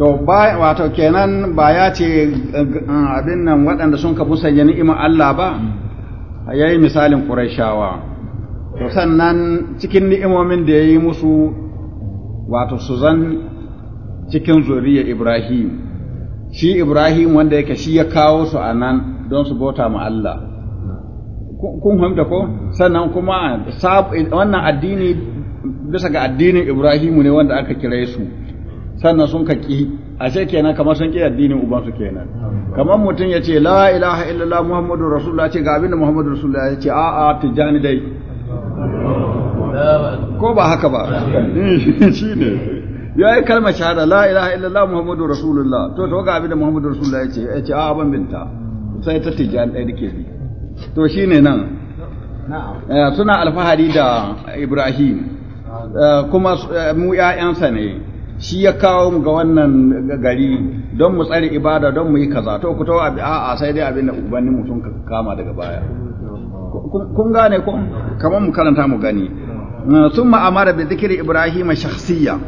to ba wato kenan ba ya ce eh, eh, abin nan waɗanda sun ka sanya ni'imar Allah ba yayi misalin Qurayshawa to sannan cikin ni'imomin da ya yi musu wato su zan cikin zuriya Ibrahim shi Ibrahim wanda yake shi ya kawo su a nan don su bauta ma Allah kun fahimta ko sannan kuma wannan addini bisa ga addinin Ibrahimu ne wanda aka kire su sannan sun ka a ashe kenan kamar sun ƙi addinin ubansu kenan kamar mutum ya ce la ilaha illallah muhammadu rasulullah ce ga abinda muhammadu rasulullah ya ce a'a tijjani dai ko ba haka ba shi ne ya yi kalmar shahada la ilaha illallah muhammadu rasulullah to to ga abinda muhammadu rasulullah ya ce ya ce a'a ban binta sai ta tijjani dai dake bi to shine nan eh, suna alfahari da ibrahim eh, kuma eh, mu 'ya'yansa ne shi ya kawo mu ga wannan gari don mu tsare ibada don mu yi kaza to ku a a'a sai dai abin da ubanni mutum ka kama daga baya kun gane ko kamar mu karanta mu gani eh, summa amara bi dhikri Ibrahim shakhsiyya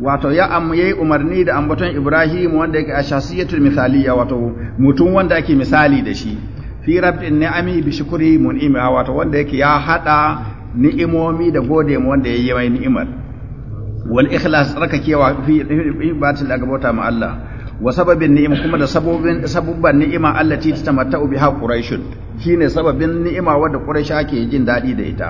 wato ya am yayi umarni da ambaton ibrahim wanda yake a shakhsiyatul misaliya wato mutum wanda yake misali da shi fi rabbin ni'ami bi shukri mun'imi wato wanda yake ya hada ni'imomi da gode mu wanda yayi mai ni'imar wal ikhlas tsarkakewa fi ibatil daga bauta ma Allah wa sababin ni'ima kuma da sabobin sabubban ni'ima allati tatamatta'u biha quraishun shine sababin ni'imawa da quraish ake jin daɗi da ita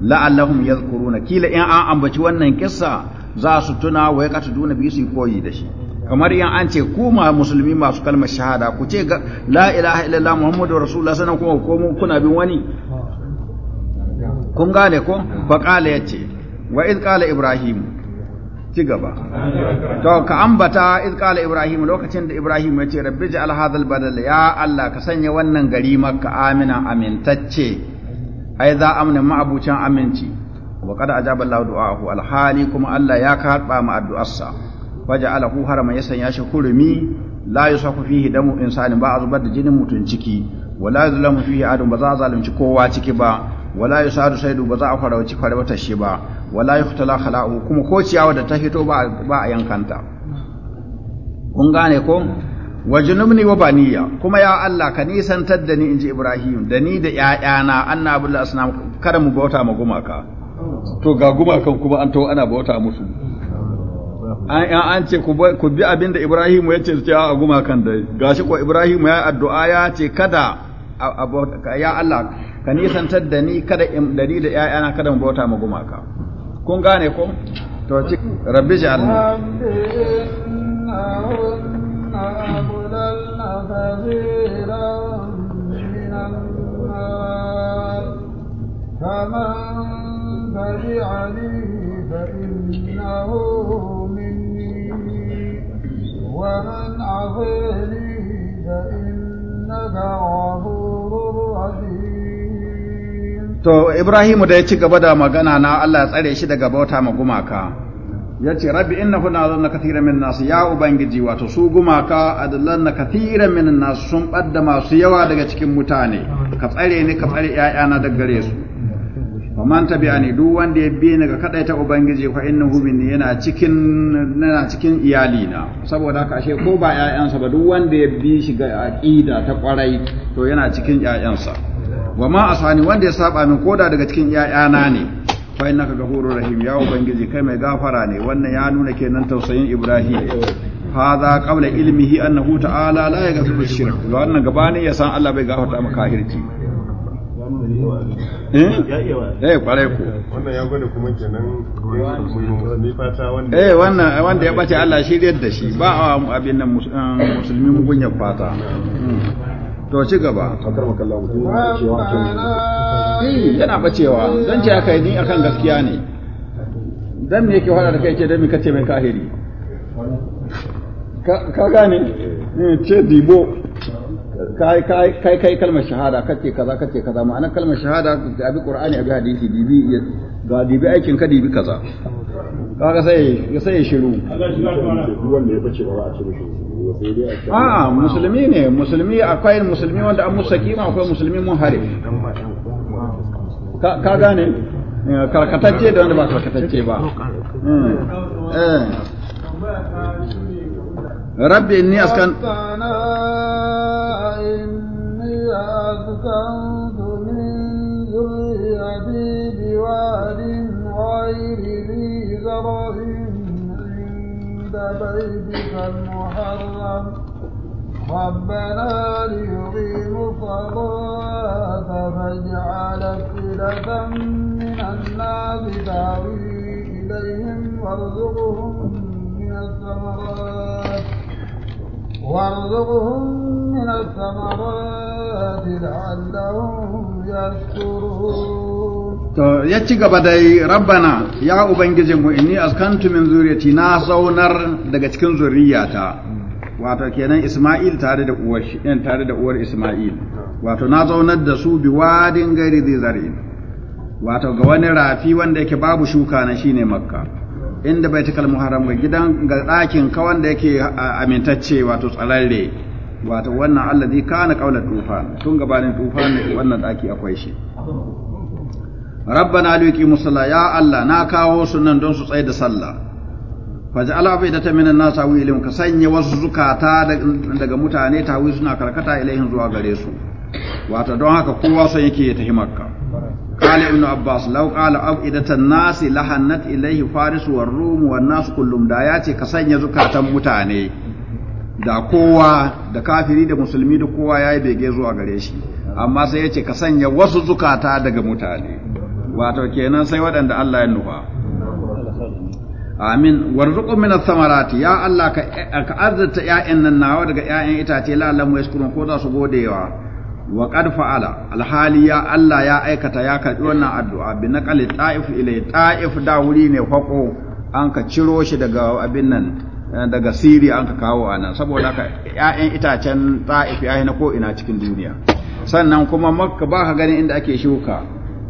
la'allahum yadhkuruna kila in an ambaci wannan kissa za su tuna wa yaqtuduna bi su koyi da shi kamar yan an ce ku ma musulmi masu kalmar shahada ku ce la ilaha illallah muhammadu rasulullah sanan kuma ko kuna bin wani kun gane ko fa qala yace wa id qala ibrahim ci gaba to ka ambata iz qala ibrahim lokacin da ibrahim ya ce rabbi ja'al hadhal badal ya allah ka sanya wannan gari makka amina amintacce ai za amna abucin aminci wa qad ajaba allah du'ahu alhali kuma allah ya karba mu addu'arsa waja'alahu harama ya sanya shi kurumi la yusaku fihi damu insani ba a zubar da jinin mutun ciki wala yuzlamu fihi adun ba za a zalunci kowa ciki ba wala Sadu, saidu ba za a farauci farautar shi ba wala yuhtala khala'u kuma ko ciyawa da ta hito ba a yankanta kun gane ko wajnubni wa baniya kuma ya Allah ka nisantar da ni inji Ibrahim da ni da ƴaƴana annabi Allah asnam kada mu bauta ma gumaka to ga gumakan kuma an tawo ana bauta musu an an ce ku bi abinda Ibrahim ya ce cewa a gumakan dai gashi ko Ibrahim ya addu'a ya ce kada ya Allah ka nisantar da ni kada in dari da ƴaƴana kada mu bauta ma gumaka kun gane ko to ci rabbi ja'alni فمن تبعني فإنه to ibrahimu da ya ci gaba da magana na Allah ya tsare shi daga bauta ma gumaka ya ce rabbi inna kuna zanna kathira min nasu ya ubangiji wato su gumaka adallanna kathira min nasu sun ɓadda masu yawa daga cikin mutane ka tsare ni ka tsare 'ya'yana daga gare su Ba man ni duk wanda ya bi ni ga kadaita ubangiji fa innahu minni yana cikin yana cikin iyali na saboda haka ashe ko ba 'ya'yansa ba duk wanda ya bi shi ga aqida ta kwarai to yana cikin 'ya'yansa. wa ma asani wanda ya saba min koda daga cikin iyayana ne fa innaka ghafurur rahim ya ubangiji kai mai gafara ne wannan ya nuna kenan tausayin ibrahim hadha qabla ilmihi annahu ta'ala la yaghfiru shirk wannan gabani ya san Allah bai gafarta maka kafirci eh? eh kware ku wannan ya gode kuma kenan ni fata wanda eh wannan wanda ya bace Allah shi da shi ba abin nan eh, musulmi gunya fata hmm. to ci gaba yana bacewa don ce aka yi ni akan gaskiya ne dan me yake faɗa da kai ce dan me kace mai kahiri ka gane eh, ce dibo kai kai kai kalmar shahada kace kaza kace kaza ma'anar kalmar shahada abi qur'ani abi hadisi dibi ga dibi aikin ka dibi kaza kaga sai sai shiru wanda ya bace ba a cire shi a musulmi ne musulmi akwai musulmi wanda an musa kima akwai musulmi mun hare ka gane karkatacce da wanda ba karkatacce ba eh, eh. rabbi ni askan بواد غير ذي زرع عند بيتك المحرم ربنا ليقيموا الصلاة فاجعل أفئدة من الناس تهوي إليهم وارزقهم من الثمرات وارزقهم من الثمرات لعلهم يشكرون to ya ci gaba da rabbana ya ubangijin ubangijinmu inni askantu min zuriyati na saunar daga cikin zuriyata wato kenan isma'il tare da uwar shi ɗin eh, tare da uwar isma'il wato na zaunar da su bi wadin gairi zai zare wato ga wani rafi wanda yake babu shuka na shine makka inda bai baitul muharram ga gidan ga ɗakin ka wanda yake amintacce wato tsararre wato wannan allazi kana qaula tufan tun gabanin tufan wannan ɗaki akwai shi rabbana liki musalla ya Allah na kawo su nan don su tsaye da sallah faji alafi da ta minan nasa wilin ka sanya wasu zukata daga mutane tawi suna karkata ilaihin zuwa gare su wata don haka kowa son yake ta himarka قال ابن عباس لو قال أفئدة الناس لحنت إليه فارس والروم والناس كلهم دا ياتي كسن يزكاة متاني da kowa da kafiri da musulmi da kowa ya yi bege zuwa gare shi amma sai yace ka sanya wasu zukata daga mutane wato kenan sai waɗanda Allah ya nufa amin warzuqu min samarati ya Allah ka ka arzata ƴaƴan nan nawa daga 'ya'yan itace la lam yashkurun ko za su gode wa qad fa'ala alhali ya Allah ya aikata ya karbi wannan addu'a bi naqali ta'if ilay ta'if da wuri ne fako an ka ciro shi daga abin nan daga siri an ka kawo a nan. saboda haka itacen ta'if ya na ko ina cikin duniya sannan kuma makka ba ka ganin inda ake shuka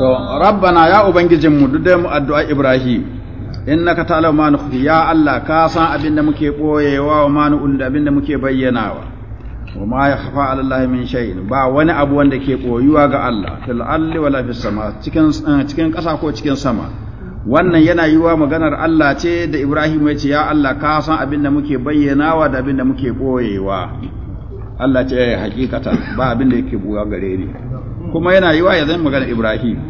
to rabbana ya ubangijin mu duk mu addu'a ibrahim innaka ta'lamu ma nukhfi ya allah ka san abin da muke boyewa wa ma nu'un da abin da muke bayyanawa wa ma yakhfa 'ala allahi min shay'in ba wani abu wanda ke boyuwa ga allah fil alli wala fis sama cikin eh, cikin kasa ko cikin sama wannan yana yiwa maganar allah ce da ibrahim ya ce ya allah ka san abin da muke bayyanawa da abin da muke boyewa allah ce eh, hakikata ba abin da yake buwa gare ni kuma yana yiwa ya zama maganar ibrahim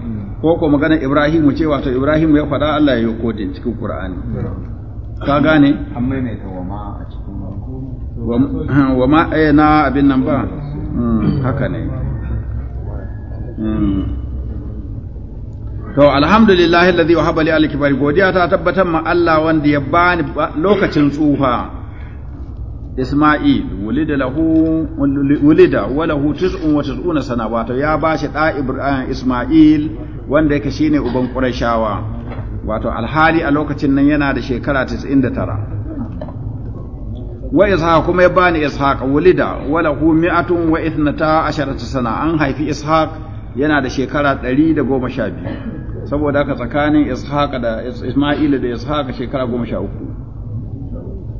ko ko magana Ibrahim ce wato Ibrahim ya faɗa Allah ya yi kodin cikin Qur'ani ka gane amma mai tawama a cikin wa ma eh, na abin nan ba hmm, haka ne hmm. to alhamdulillah alladhi wahaba li al-kibari godiya ta tabbatar ma Allah wanda ya bani lokacin tsufa Isma'il wulida lahu wulida wa lahu tis'un wa tis'una sana wato ya bashi da Ibrahim Isma'il wanda yake shine uban Qurayshawa wato alhali a lokacin nan yana da shekara 99 wa ishaq kuma ya bani ishaq wulida wala hu mi'atun wa ithnata asharata sana an haifi ishaq yana da shekara 112 saboda haka tsakanin ishaq da isma'ila da ishaq shekara 13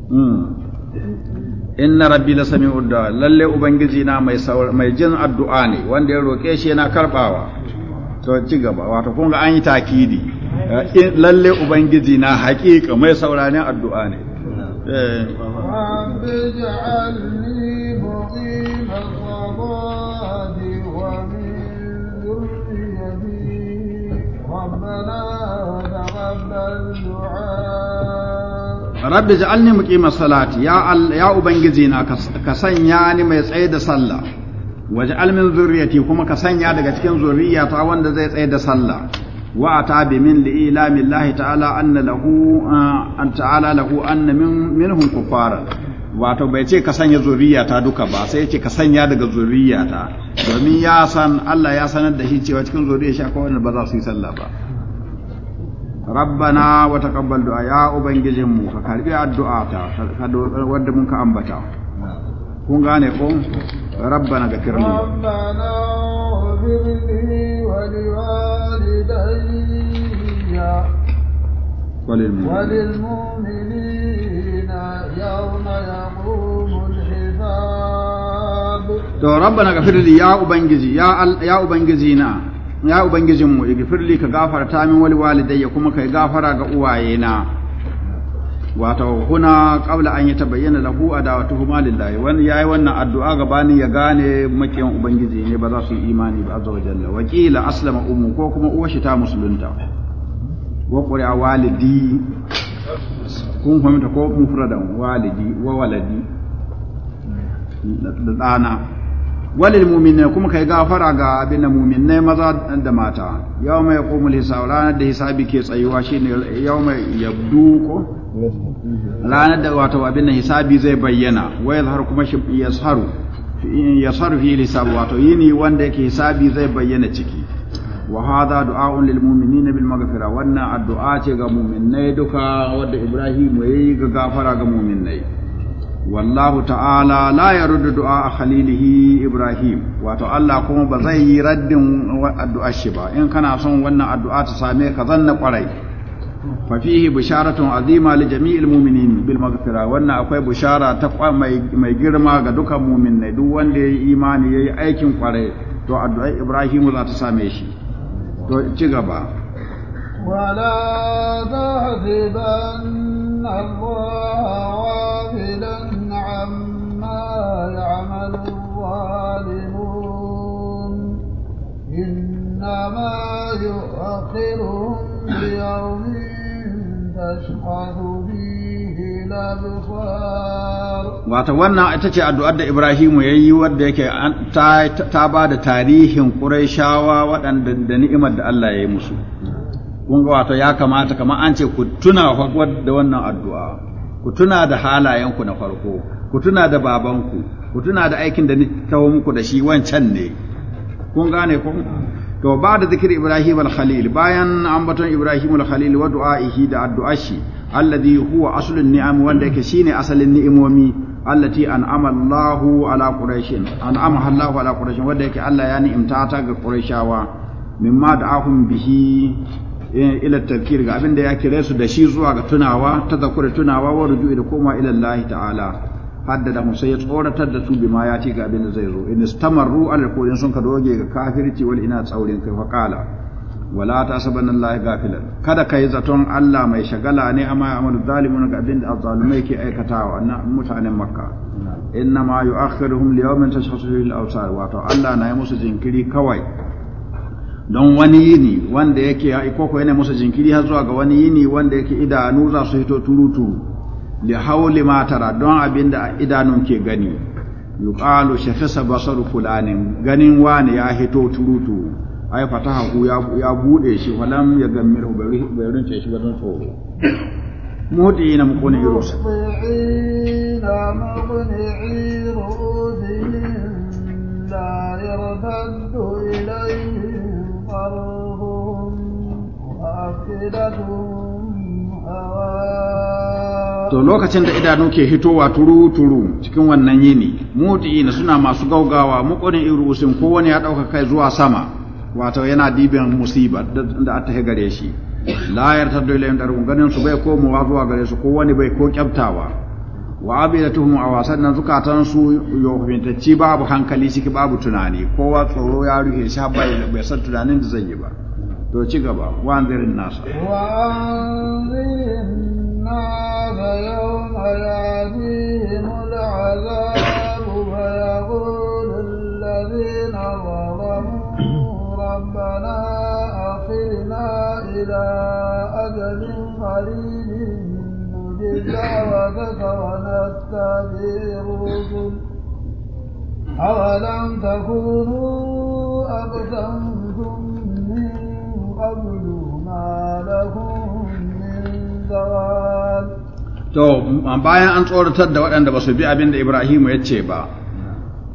hmm. inna rabbi la sami'ud da lalle ubangiji na mai jin addu'a ne wanda ya roke shi yana karbawa to ci gaba wato kun ga an yi takidi eh, lalle ubangiji na haƙiƙa mai sauranin addu'a ne eh. Rabbi ja'alni muqima salati ya ya ubangiji na ka sanya ni mai tsaye da sallah Waje almin zurriyati kuma ka sanya daga cikin zurriyata wanda zai tsaye da sallah wa ta bi min li ila Allah ta'ala anna lahu an ta'ala lahu anna min minhum kufara wato bai ce ka sanya zurriyata duka ba sai ce ka sanya daga zurriyata domin ya san Allah ya sanar da shi cewa cikin zuriyar shi akwai wanda ba za su yi sallah ba rabbana wa taqabbal du'a ya ubangijinmu ka karbi addu'a ta wadda mun ka ambata kun gane ko ربنا ذكر لي ربنا to ya ya ubangiji na ya ubangijin mu igfir li ka gafarta min wal walidayya kuma yi gafara ga uwayena wato huna qabla an bayyana lahu adawatuhuma lillahi wani yayi wannan addu'a gabanin ya gane makiyan ubangiji ne ba za su yi imani ba azza wa jalla wa qila aslama ummu ko kuma uwashi ta musulunta wa qura walidi kun fahimta ko mufradan walidi wa waladi da dana walil mu'minina kuma kai gafara ga abin mu'minai maza da mata yawma yaqumul hisabu ranar da hisabi ke tsayuwa shine yawma yabdu ko ranar da wato abin nan hisabi zai bayyana wa yazharu kuma yazharu yazharu fi hisabi wato yini wanda yake hisabi zai bayyana ciki wa hadha du'a'un lil na bil maghfira wannan addu'a ce ga mu'minai duka wanda Ibrahim yayi ga gafara ga mu'minai wallahu ta'ala la yaruddu du'a khalilihi Ibrahim wato Allah kuma ba zai yi raddin addu'ar shi ba in kana son wannan addu'a ta same ka zanna kwarai fafihi bisharatun azima li jami'il mu'minin bil maghfira akwai bishara ta mai girma ga dukan mu'minai duk wanda yayi imani yayi aikin kware to addu'a Ibrahim za ta same shi to ci gaba wala tahziban Allah wafilan amma ya'malu zalimun innama yu'akhiruhum li yawmin Wata wannan ita ce addu'ar da Ibrahimu ya yi wadda yake ta ba da tarihin shawa waɗanda da ni'imar da Allah ya yi musu kun ga ya kamata kamar an ce ku tuna da wannan addu'a ku tuna da halayenku na farko ku tuna da babanku ku tuna da aikin da ni kawo muku da shi wancan ne kun gane kun to ba da zikir ibrahim al-khalil bayan ambaton ibrahim al-khalil wa du'a'ihi da addu'ashi alladhi huwa aslun ni'am wanda yake shine asalin ni'imomi allati an'ama Allahu ala quraishin an'ama Allahu ala quraishin wanda yake Allah ya ni'imta ta ga quraishawa mimma da'ahum bihi eh, ila tafkir ga abinda ya kire su da shi zuwa ga tunawa tazakkur tunawa wa ruju'i da koma ila Allah ta'ala faddada sai ya tsoratar da su bima ya ci ga abin da zai zo in istamarru ala kodin sun ka doge ga kafirci wal ina tsaurin kai fa qala wala tasabanna allahi gafilan kada kai zaton Allah mai shagala ne amma amalu zalimun ga abin da azzalumai ke aikatawa annan mutanen makka inna ma yu'akhiruhum li yawmin tashhasu fihi al-absar wato Allah na yi musu jinkiri kawai don wani yini wanda yake ko ko yana musu jinkiri har zuwa ga wani yini wanda yake idanu za su hito turutu. li hauli ma tara don abinda idanun ke gani yuqalu shafasa basar fulanin ganin wani ya hito turutu ai fatahu ya ya bude shi walam ya bari bari ce shi ba tsoro mudi na mukuni rusa to lokacin da idanu ke hitowa turu-turu cikin wannan yini na suna masu gaugawa muƙonin irusin kowane ya ɗauka kai zuwa sama wato yana dibin musiba da ta gare shi layar ta dole yin ɗarkun ganin su bai ko muwa zuwa gare su kowane bai ko kyabtawa wa abi da tuhum a wasan nan zukatan su yohimtacci babu hankali ciki babu tunani kowa tsoro ya rufe shi bai san tunanin da zai yi ba to ci gaba wanzirin nasa wanzirin nasa يوم يأتيهم العذاب فيقول الذين ظلموا ربنا أخرنا إلى أجل قريب نجد دعوتك ونتبع الرسل أولم تكونوا أقسمتم من قبل ما لكم من زوال to bayan an tsoratar da waɗanda ba su bi abin da Ibrahimu ya ce ba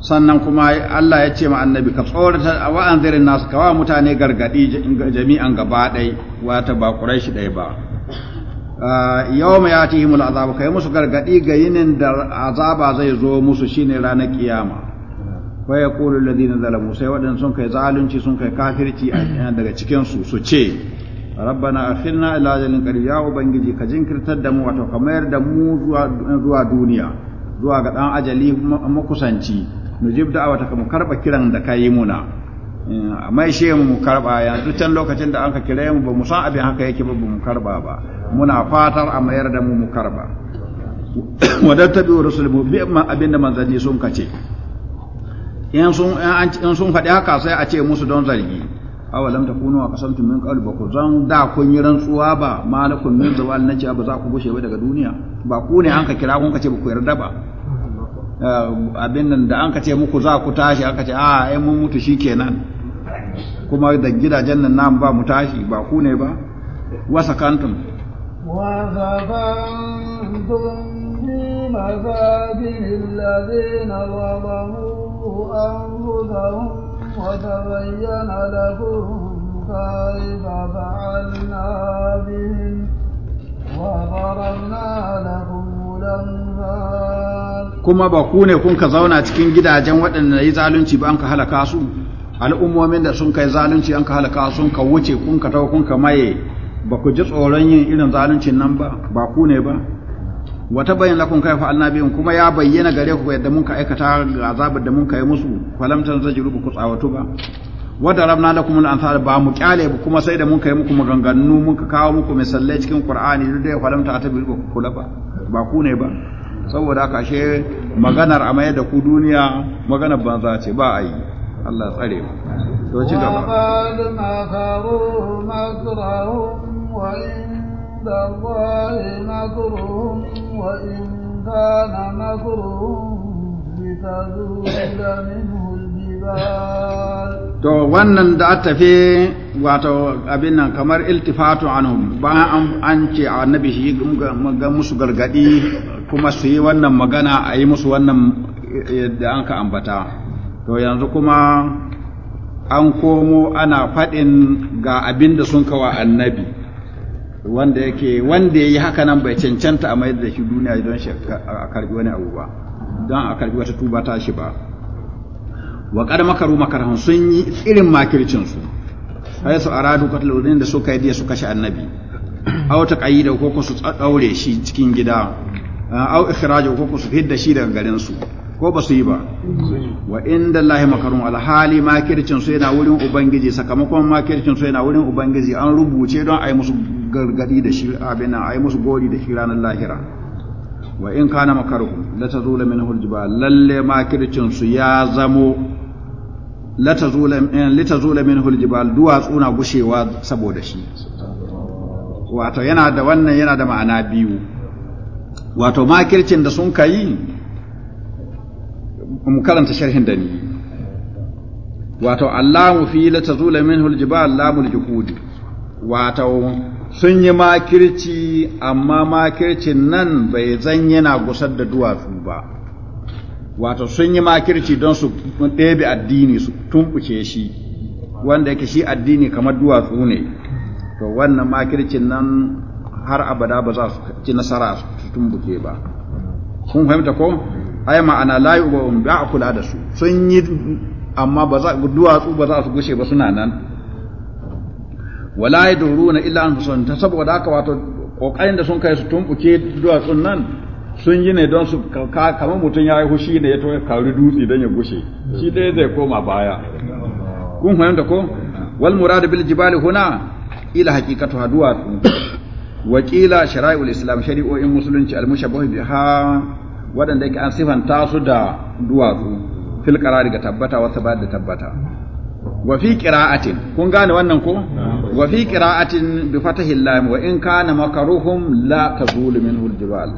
sannan kuma Allah ya ce ma annabi ka tsoratar wa anzirin zirin ka wa mutane gargadi jami'an gaba ɗai wata ba shi ɗai ba Yau ah, ya yawma mu azabu kai musu gargadi ga yinin da azaba zai zo musu shine ranar kiyama ya Kulu alladhina zalamu sai waɗanda sun kai zalunci sun kai kafirci daga cikinsu su ce rabbana akhirna ila ajalin qarib ya ubangiji ka jinkirtar da mu wato ka mayar da mu zuwa duniya zuwa ga dan ajali makusanci nujib da'awata ka mu karba kiran da yi muna eh, mai she mu karba yanzu can lokacin da anka kira mu ba mu san abin haka yake ba mu karba ba muna fatar a mayar da mu mu karba wadatta bi rusul mu bi amma abin da manzanni sun kace in sun in sun faɗi haka sai a ce musu don zargi awa lam takunu wa qasamtum min qabl ku? zan da kun yi rantsuwa ba malakum min zawal na ba za ku bushe ba daga duniya ba ku ne an ka kira kun ka ce ba ku yarda ba eh, abin nan da an ka ce muku za ku tashi an ka ce a ah, ai mun mutu shikenan kuma da gidajen nan nan ba mu tashi ba ku ne ba wasa kantum wa zabantum مفاتن الذين ظلموا أنفسهم وتبين لهم كيف فعلنا بهم وضربنا لهم kuma ba ku ne kun ka zauna cikin gidajen waɗanda yi zalunci ba an ka halaka su al'ummomin da sun kai zalunci an ka halaka sun ka wuce kun ka tau kun ka maye ba ku ji tsoron yin irin zaluncin nan ba ba ku ne ba wa kai lakum na biyun kuma ya bayyana gare ku yadda mun ka aikata ga azabar da mun kai musu falam tanzajiru ku tsawatu ba wa rabna lakum kuma amsal ba mu kyale ba kuma sai da mun kai muku maganganu mun ka kawo muku misalai cikin qur'ani duk da kwalamta ta tabiru ku kula ba ba ku ne ba saboda haka she maganar a da ku duniya maganar banza ce ba a yi Allah tsare mu to ci gaba الله مكرهم وإن كان مكرهم لتزول منه الجبال to wannan da tafe wato abin nan kamar iltifatu anu ba an an ce annabi shi ga musu gargadi kuma su yi wannan magana a yi musu wannan eh, da an ka ambata to yanzu kuma an komo ana faɗin ga abin da sun kawa annabi wanda yake wanda yayi haka nan bai cancanta a mai da shi duniya don shi a karbi wani abu ba don a karbi wata tuba ta shi ba wa qad makaru makarhan sun yi irin makircin su sai su aradu katla udin da suka yi da suka shi annabi aw ta qayyida ko ko su daure shi cikin gida aw ikhraju ko ko su fidda shi daga garin su ko ba su yi ba wa inda lahi makarun alhali makircin su yana wurin ubangiji sakamakon makircin su yana wurin ubangiji an rubuce don a yi musu gargadi da shi abin nan a yi musu gori da shi ranar lahira wa in kana makarun la zula min aljibal lalle makircin su ya zamo la zula min eh, la tazula minhu duwatsu na gushewa saboda shi wato yana da wannan yana da ma'ana biyu wato makircin da sun kai mu karanta sharhin da ni wato allamu fi la tazula minhu aljibal lamul juhud wato sun yi makirci amma makircin nan bai zan yana gusar da duwatsu ba wato sun yi makirci don su ɗebe addini su tumɓuce shi wanda yake shi addini kamar duwatsu ne to wannan makircin nan har abada ba za su ci nasara su tumbuke ba kun fahimta ko ai ma'ana la yu'um ba a kula da su sun yi amma ba za duwatsu ba za su gushe ba suna nan wala yaduruna illa anfusun ta saboda haka wato kokarin da sun kai su tumbuke duwatsun nan sun yi ne don su kamar mutum ya yi hushi da ya to kari dutse don ya gushe shi dai zai koma baya kun fahimta ko wal murad bil jibali huna ila haqiqatu wa wakila shara'il islam shari'o'in musulunci al mushabbah biha waɗanda yake an sifanta su da duwatsu fil qarari ga tabbata wa ba da tabbata wa fi qira'atin kun gane wannan ko wa fi qira'atin bi fatahi lam wa in kana makaruhum la tazulu minhu aljibal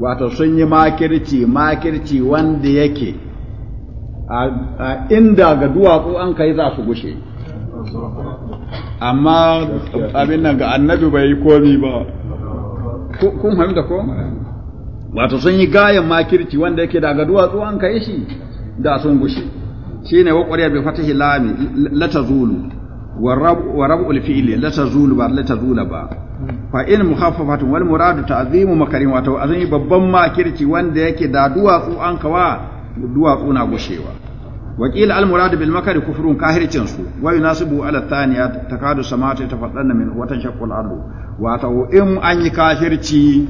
wato sun yi makirci makirci wanda yake a inda ga duwatsu an kai za su gushe amma abin nan ga annabi bai yi komi ba kun fahimta ko wato sun yi gayan makirci wanda yake daga duwatsu an kai shi da sun gushe Shi ne qariya bai fatihi lami la tazulu wa rab wa rabul fi'li la tazulu ba lata zula ba fa in mukhaffafatun wal muradu ta'zimu makarin wato azan babban makirci wanda yake da duwatsu an kawa duwatsu na gushewa وقيل المراد su كفر كاهر تنسو ويناسب على الثانية تكاد min watan منه وتنشق الأرض واتو إم أن كافرتي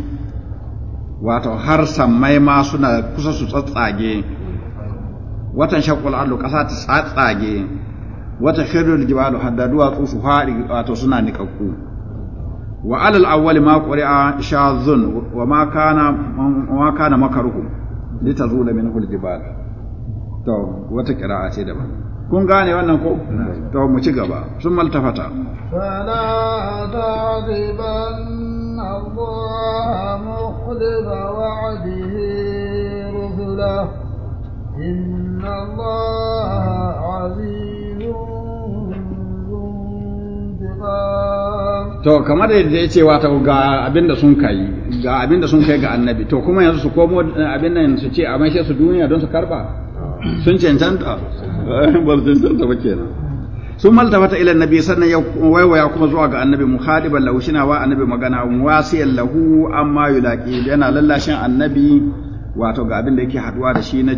wato har sammai ma suna kusa su tsatsage watan shakul allu ƙasa ta tsatsage wata shirul jibalu haddadu duwatsu su fadi wato suna nikakku wa alal awwali ma quri'a shazun wa ma kana wa kana makaruhu litazula minhu jibal to wata qira'a ce daban kun gane wannan ko to mu ci gaba sun maltafata fala ta'diban الله مخلف وعده رسله إن الله عزيز to kamar da ya ce wata ga abin da sun kai ga abin da sun kai ga annabi to kuma yanzu su komo eh, abin nan su ce a maishe su duniya don su karba ah. sun cancanta eh, ba su cancanta ba kenan sun maltafata ilan nabi sannan ya waiwaya kuma zuwa ga annabi muhadiban lahu shina wa annabi magana wasiyan lahu amma yulaqi yana lallashin annabi wato ga abin da yake haduwa da shi na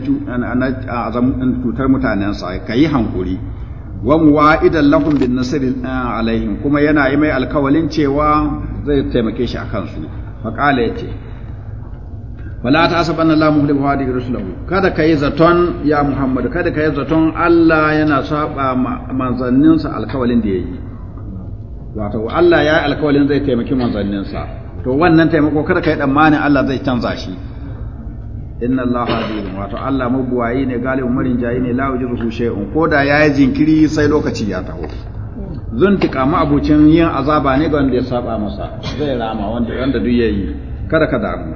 cutar mutanensa ka yi hankuri wa idan lahum bin nasri alaihim kuma yana yi mai alkawalin cewa zai taimake shi akan su faqala yace wala ta anna la muhlif wa rusulahu kada kai zaton ya Muhammadu kada kai zaton Allah yana saba sa alkawalin da yayi wato Allah ya alkawalin zai taimaki sa to wannan taimako kada kai tsammanin Allah zai canza shi inna Allah azizun wato Allah mabuwayi ne galibin marin jayi ne la wajibu shay'un koda ya yayi jinkiri sai lokaci ya taho zuntika ma abucin yin azaba ne ga wanda ya saba masa zai rama wanda wanda duk yayi kada ka damu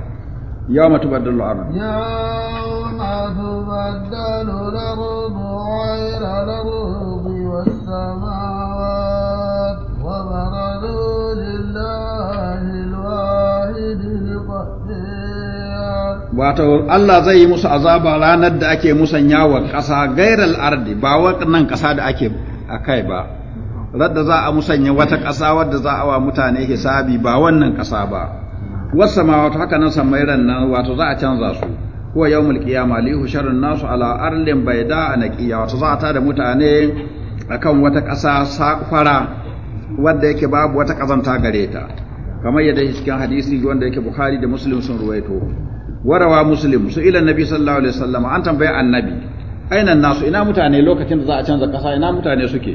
يوم تبدل الأرض يوم تبدل Allah zai yi musu azaba ranar da ake musanya wa ƙasa gairar ardi ba waɗannan ƙasa da ake a ba radda za a musanya wata ƙasa wadda za a wa mutane hisabi ba wannan ƙasa ba wasu samawatu haka nan samai nan wato za a canza su ko yawmul qiyama li husharun nasu ala arlin bayda anaqiya wato za a tada mutane akan wata ƙasa fara wadda yake babu wata kazanta gare ta kamar yadda cikin hadisi wanda yake bukhari da muslim sun ruwaito warawa muslim su ila nabi sallallahu alaihi wasallam an tambaya annabi aina nasu ina mutane lokacin da za a canza kasa ina mutane suke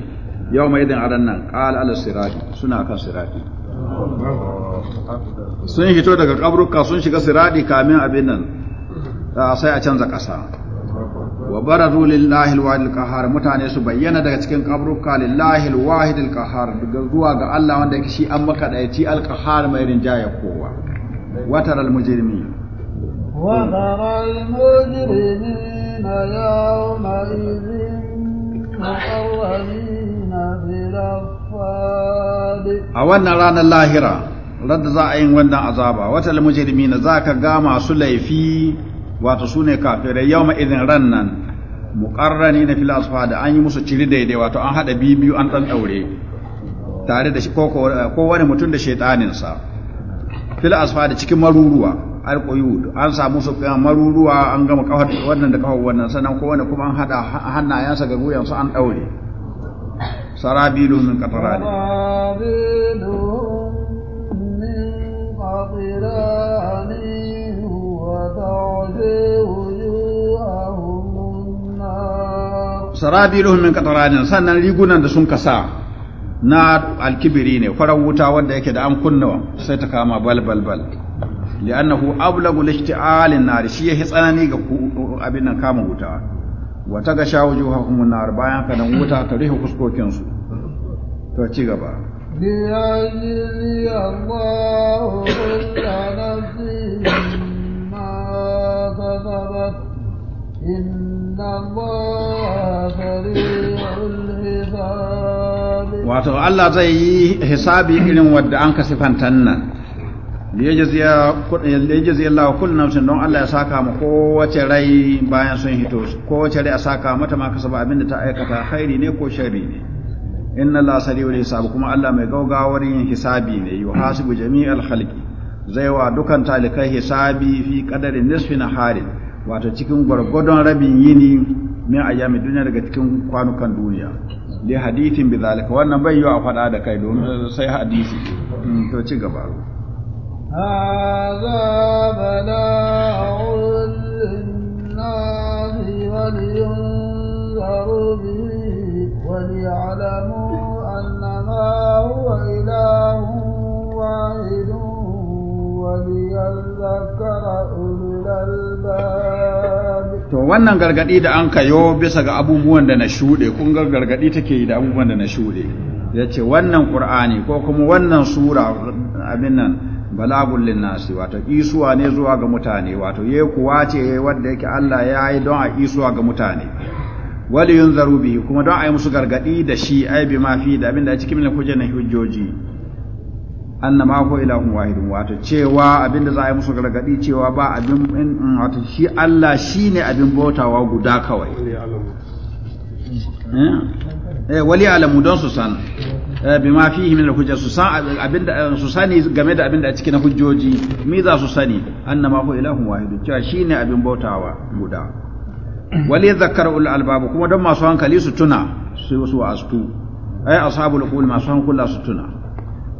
yau mai din aran nan qala al sirati suna kan sirati sun hito daga kabruka sun shiga siradi kamin abin nan sai a canza ƙasa wa baratu lillahi alwahid alqahar mutane su bayyana daga cikin kabruka lillahi alwahid alqahar daga zuwa ga Allah wanda yake shi an maka daici alqahar mai rinjaya kowa watar almujrimin wa tara almujrimina yawma idhin a wannan ranar lahira radda za a yin wannan azaba watal na, za ka ga masu laifi wato sune kafirai yawma ran rannan muqarrani na fil da an yi musu ciri daidai wato an hada bibiyu an dan daure tare da ko wani mutum da shaytanin sa fil cikin maruruwa alquyud an samu su maruruwa an gama kafar wannan da kafar wannan sannan ko wani kuma an hada hannayensa ga wuyansu an daure sarabilu min qatarani وقراءه min وجوههم sannan rigunan da sun kasa na alkibiri ne farar wuta wanda yake da an kunnawa sai ta kama bal bal bal li'annahu ablagu lishti'alin nar shi yake tsanani ga abin nan kama wuta Wata ga gasha wujuhahum nar bayan kanan wuta ta rihe kuskokin su to ci gaba wato Allah zai yi hisabi irin wadda an ka fantan nan ziyar lawa kullum nafsin don Allah ya saka mu kowace rai bayan sun hito kowace rai a saka mata ma kasaba abinda ta aikata hairi ne ko shari ne inna la sari'ul hisab kuma Allah mai gaugawar yin hisabi ne yuhasibu jami'al khalqi zai wa dukan talikai hisabi fi qadari nisfi nahari wato cikin gwargwadon rabin yini min ayyami duniya daga cikin kwanukan duniya li hadithin bidhalika wannan bai yi a fada da kai domin sai hadisi hmm, to ci gaba هذا بلاء للناس ولينذروا به وليعلموا هو to wannan gargadi da an kayo bisa ga abubuwan da na shuɗe kun ga gargadi take da abubuwan da na shuɗe ya ce wannan ƙur'ani ko kuma wannan sura abin nan balagun linnasi wato isuwa ne zuwa ga mutane wato ye kuwa ce wadda yake Allah ya yi don a isuwa ga mutane wali yunzaru bihi kuma don a yi musu gargadi da shi ai bi ma fi da abinda a cikin milin na hujjoji an ma ko ilahun wahidun wato cewa abin da za a yi musu gargadi cewa ba abin wato shi Allah shi ne abin bautawa guda kawai wali alamu eh? Eh, don su san eh, bi ma fi min al-hujja su san abinda su sani game da abinda a cikin hujjoji me za su sani anna ma ko ilahun wahidun cewa shine abin bautawa guda wali zakkar ul albab kuma don masu hankali su tuna sai su astu ai ashabul qul masu hankula su tuna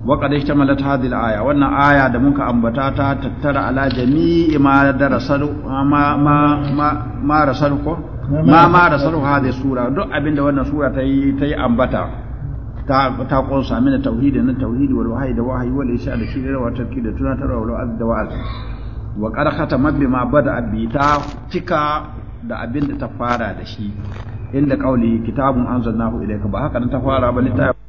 wa qad ihtamalat hadhihi al-aya wannan aya da muka ambata ta tattara ala jami'i ma darasal ma ma ma rasal ko ma ma rasal hadhihi sura duk abinda wannan sura ta yi ta yi ambata ta ta kunsa mina tauhidi na tauhidi wal wahyi da wahyi wal isha da shi shirra wa tafkir da tunatarwa wal wa'az da wa'az wa qad khatama bima bada bi ta cika da abin da ta fara da shi inda kauli kitabun anzalnahu ilayka ba haka nan ta fara ba littafin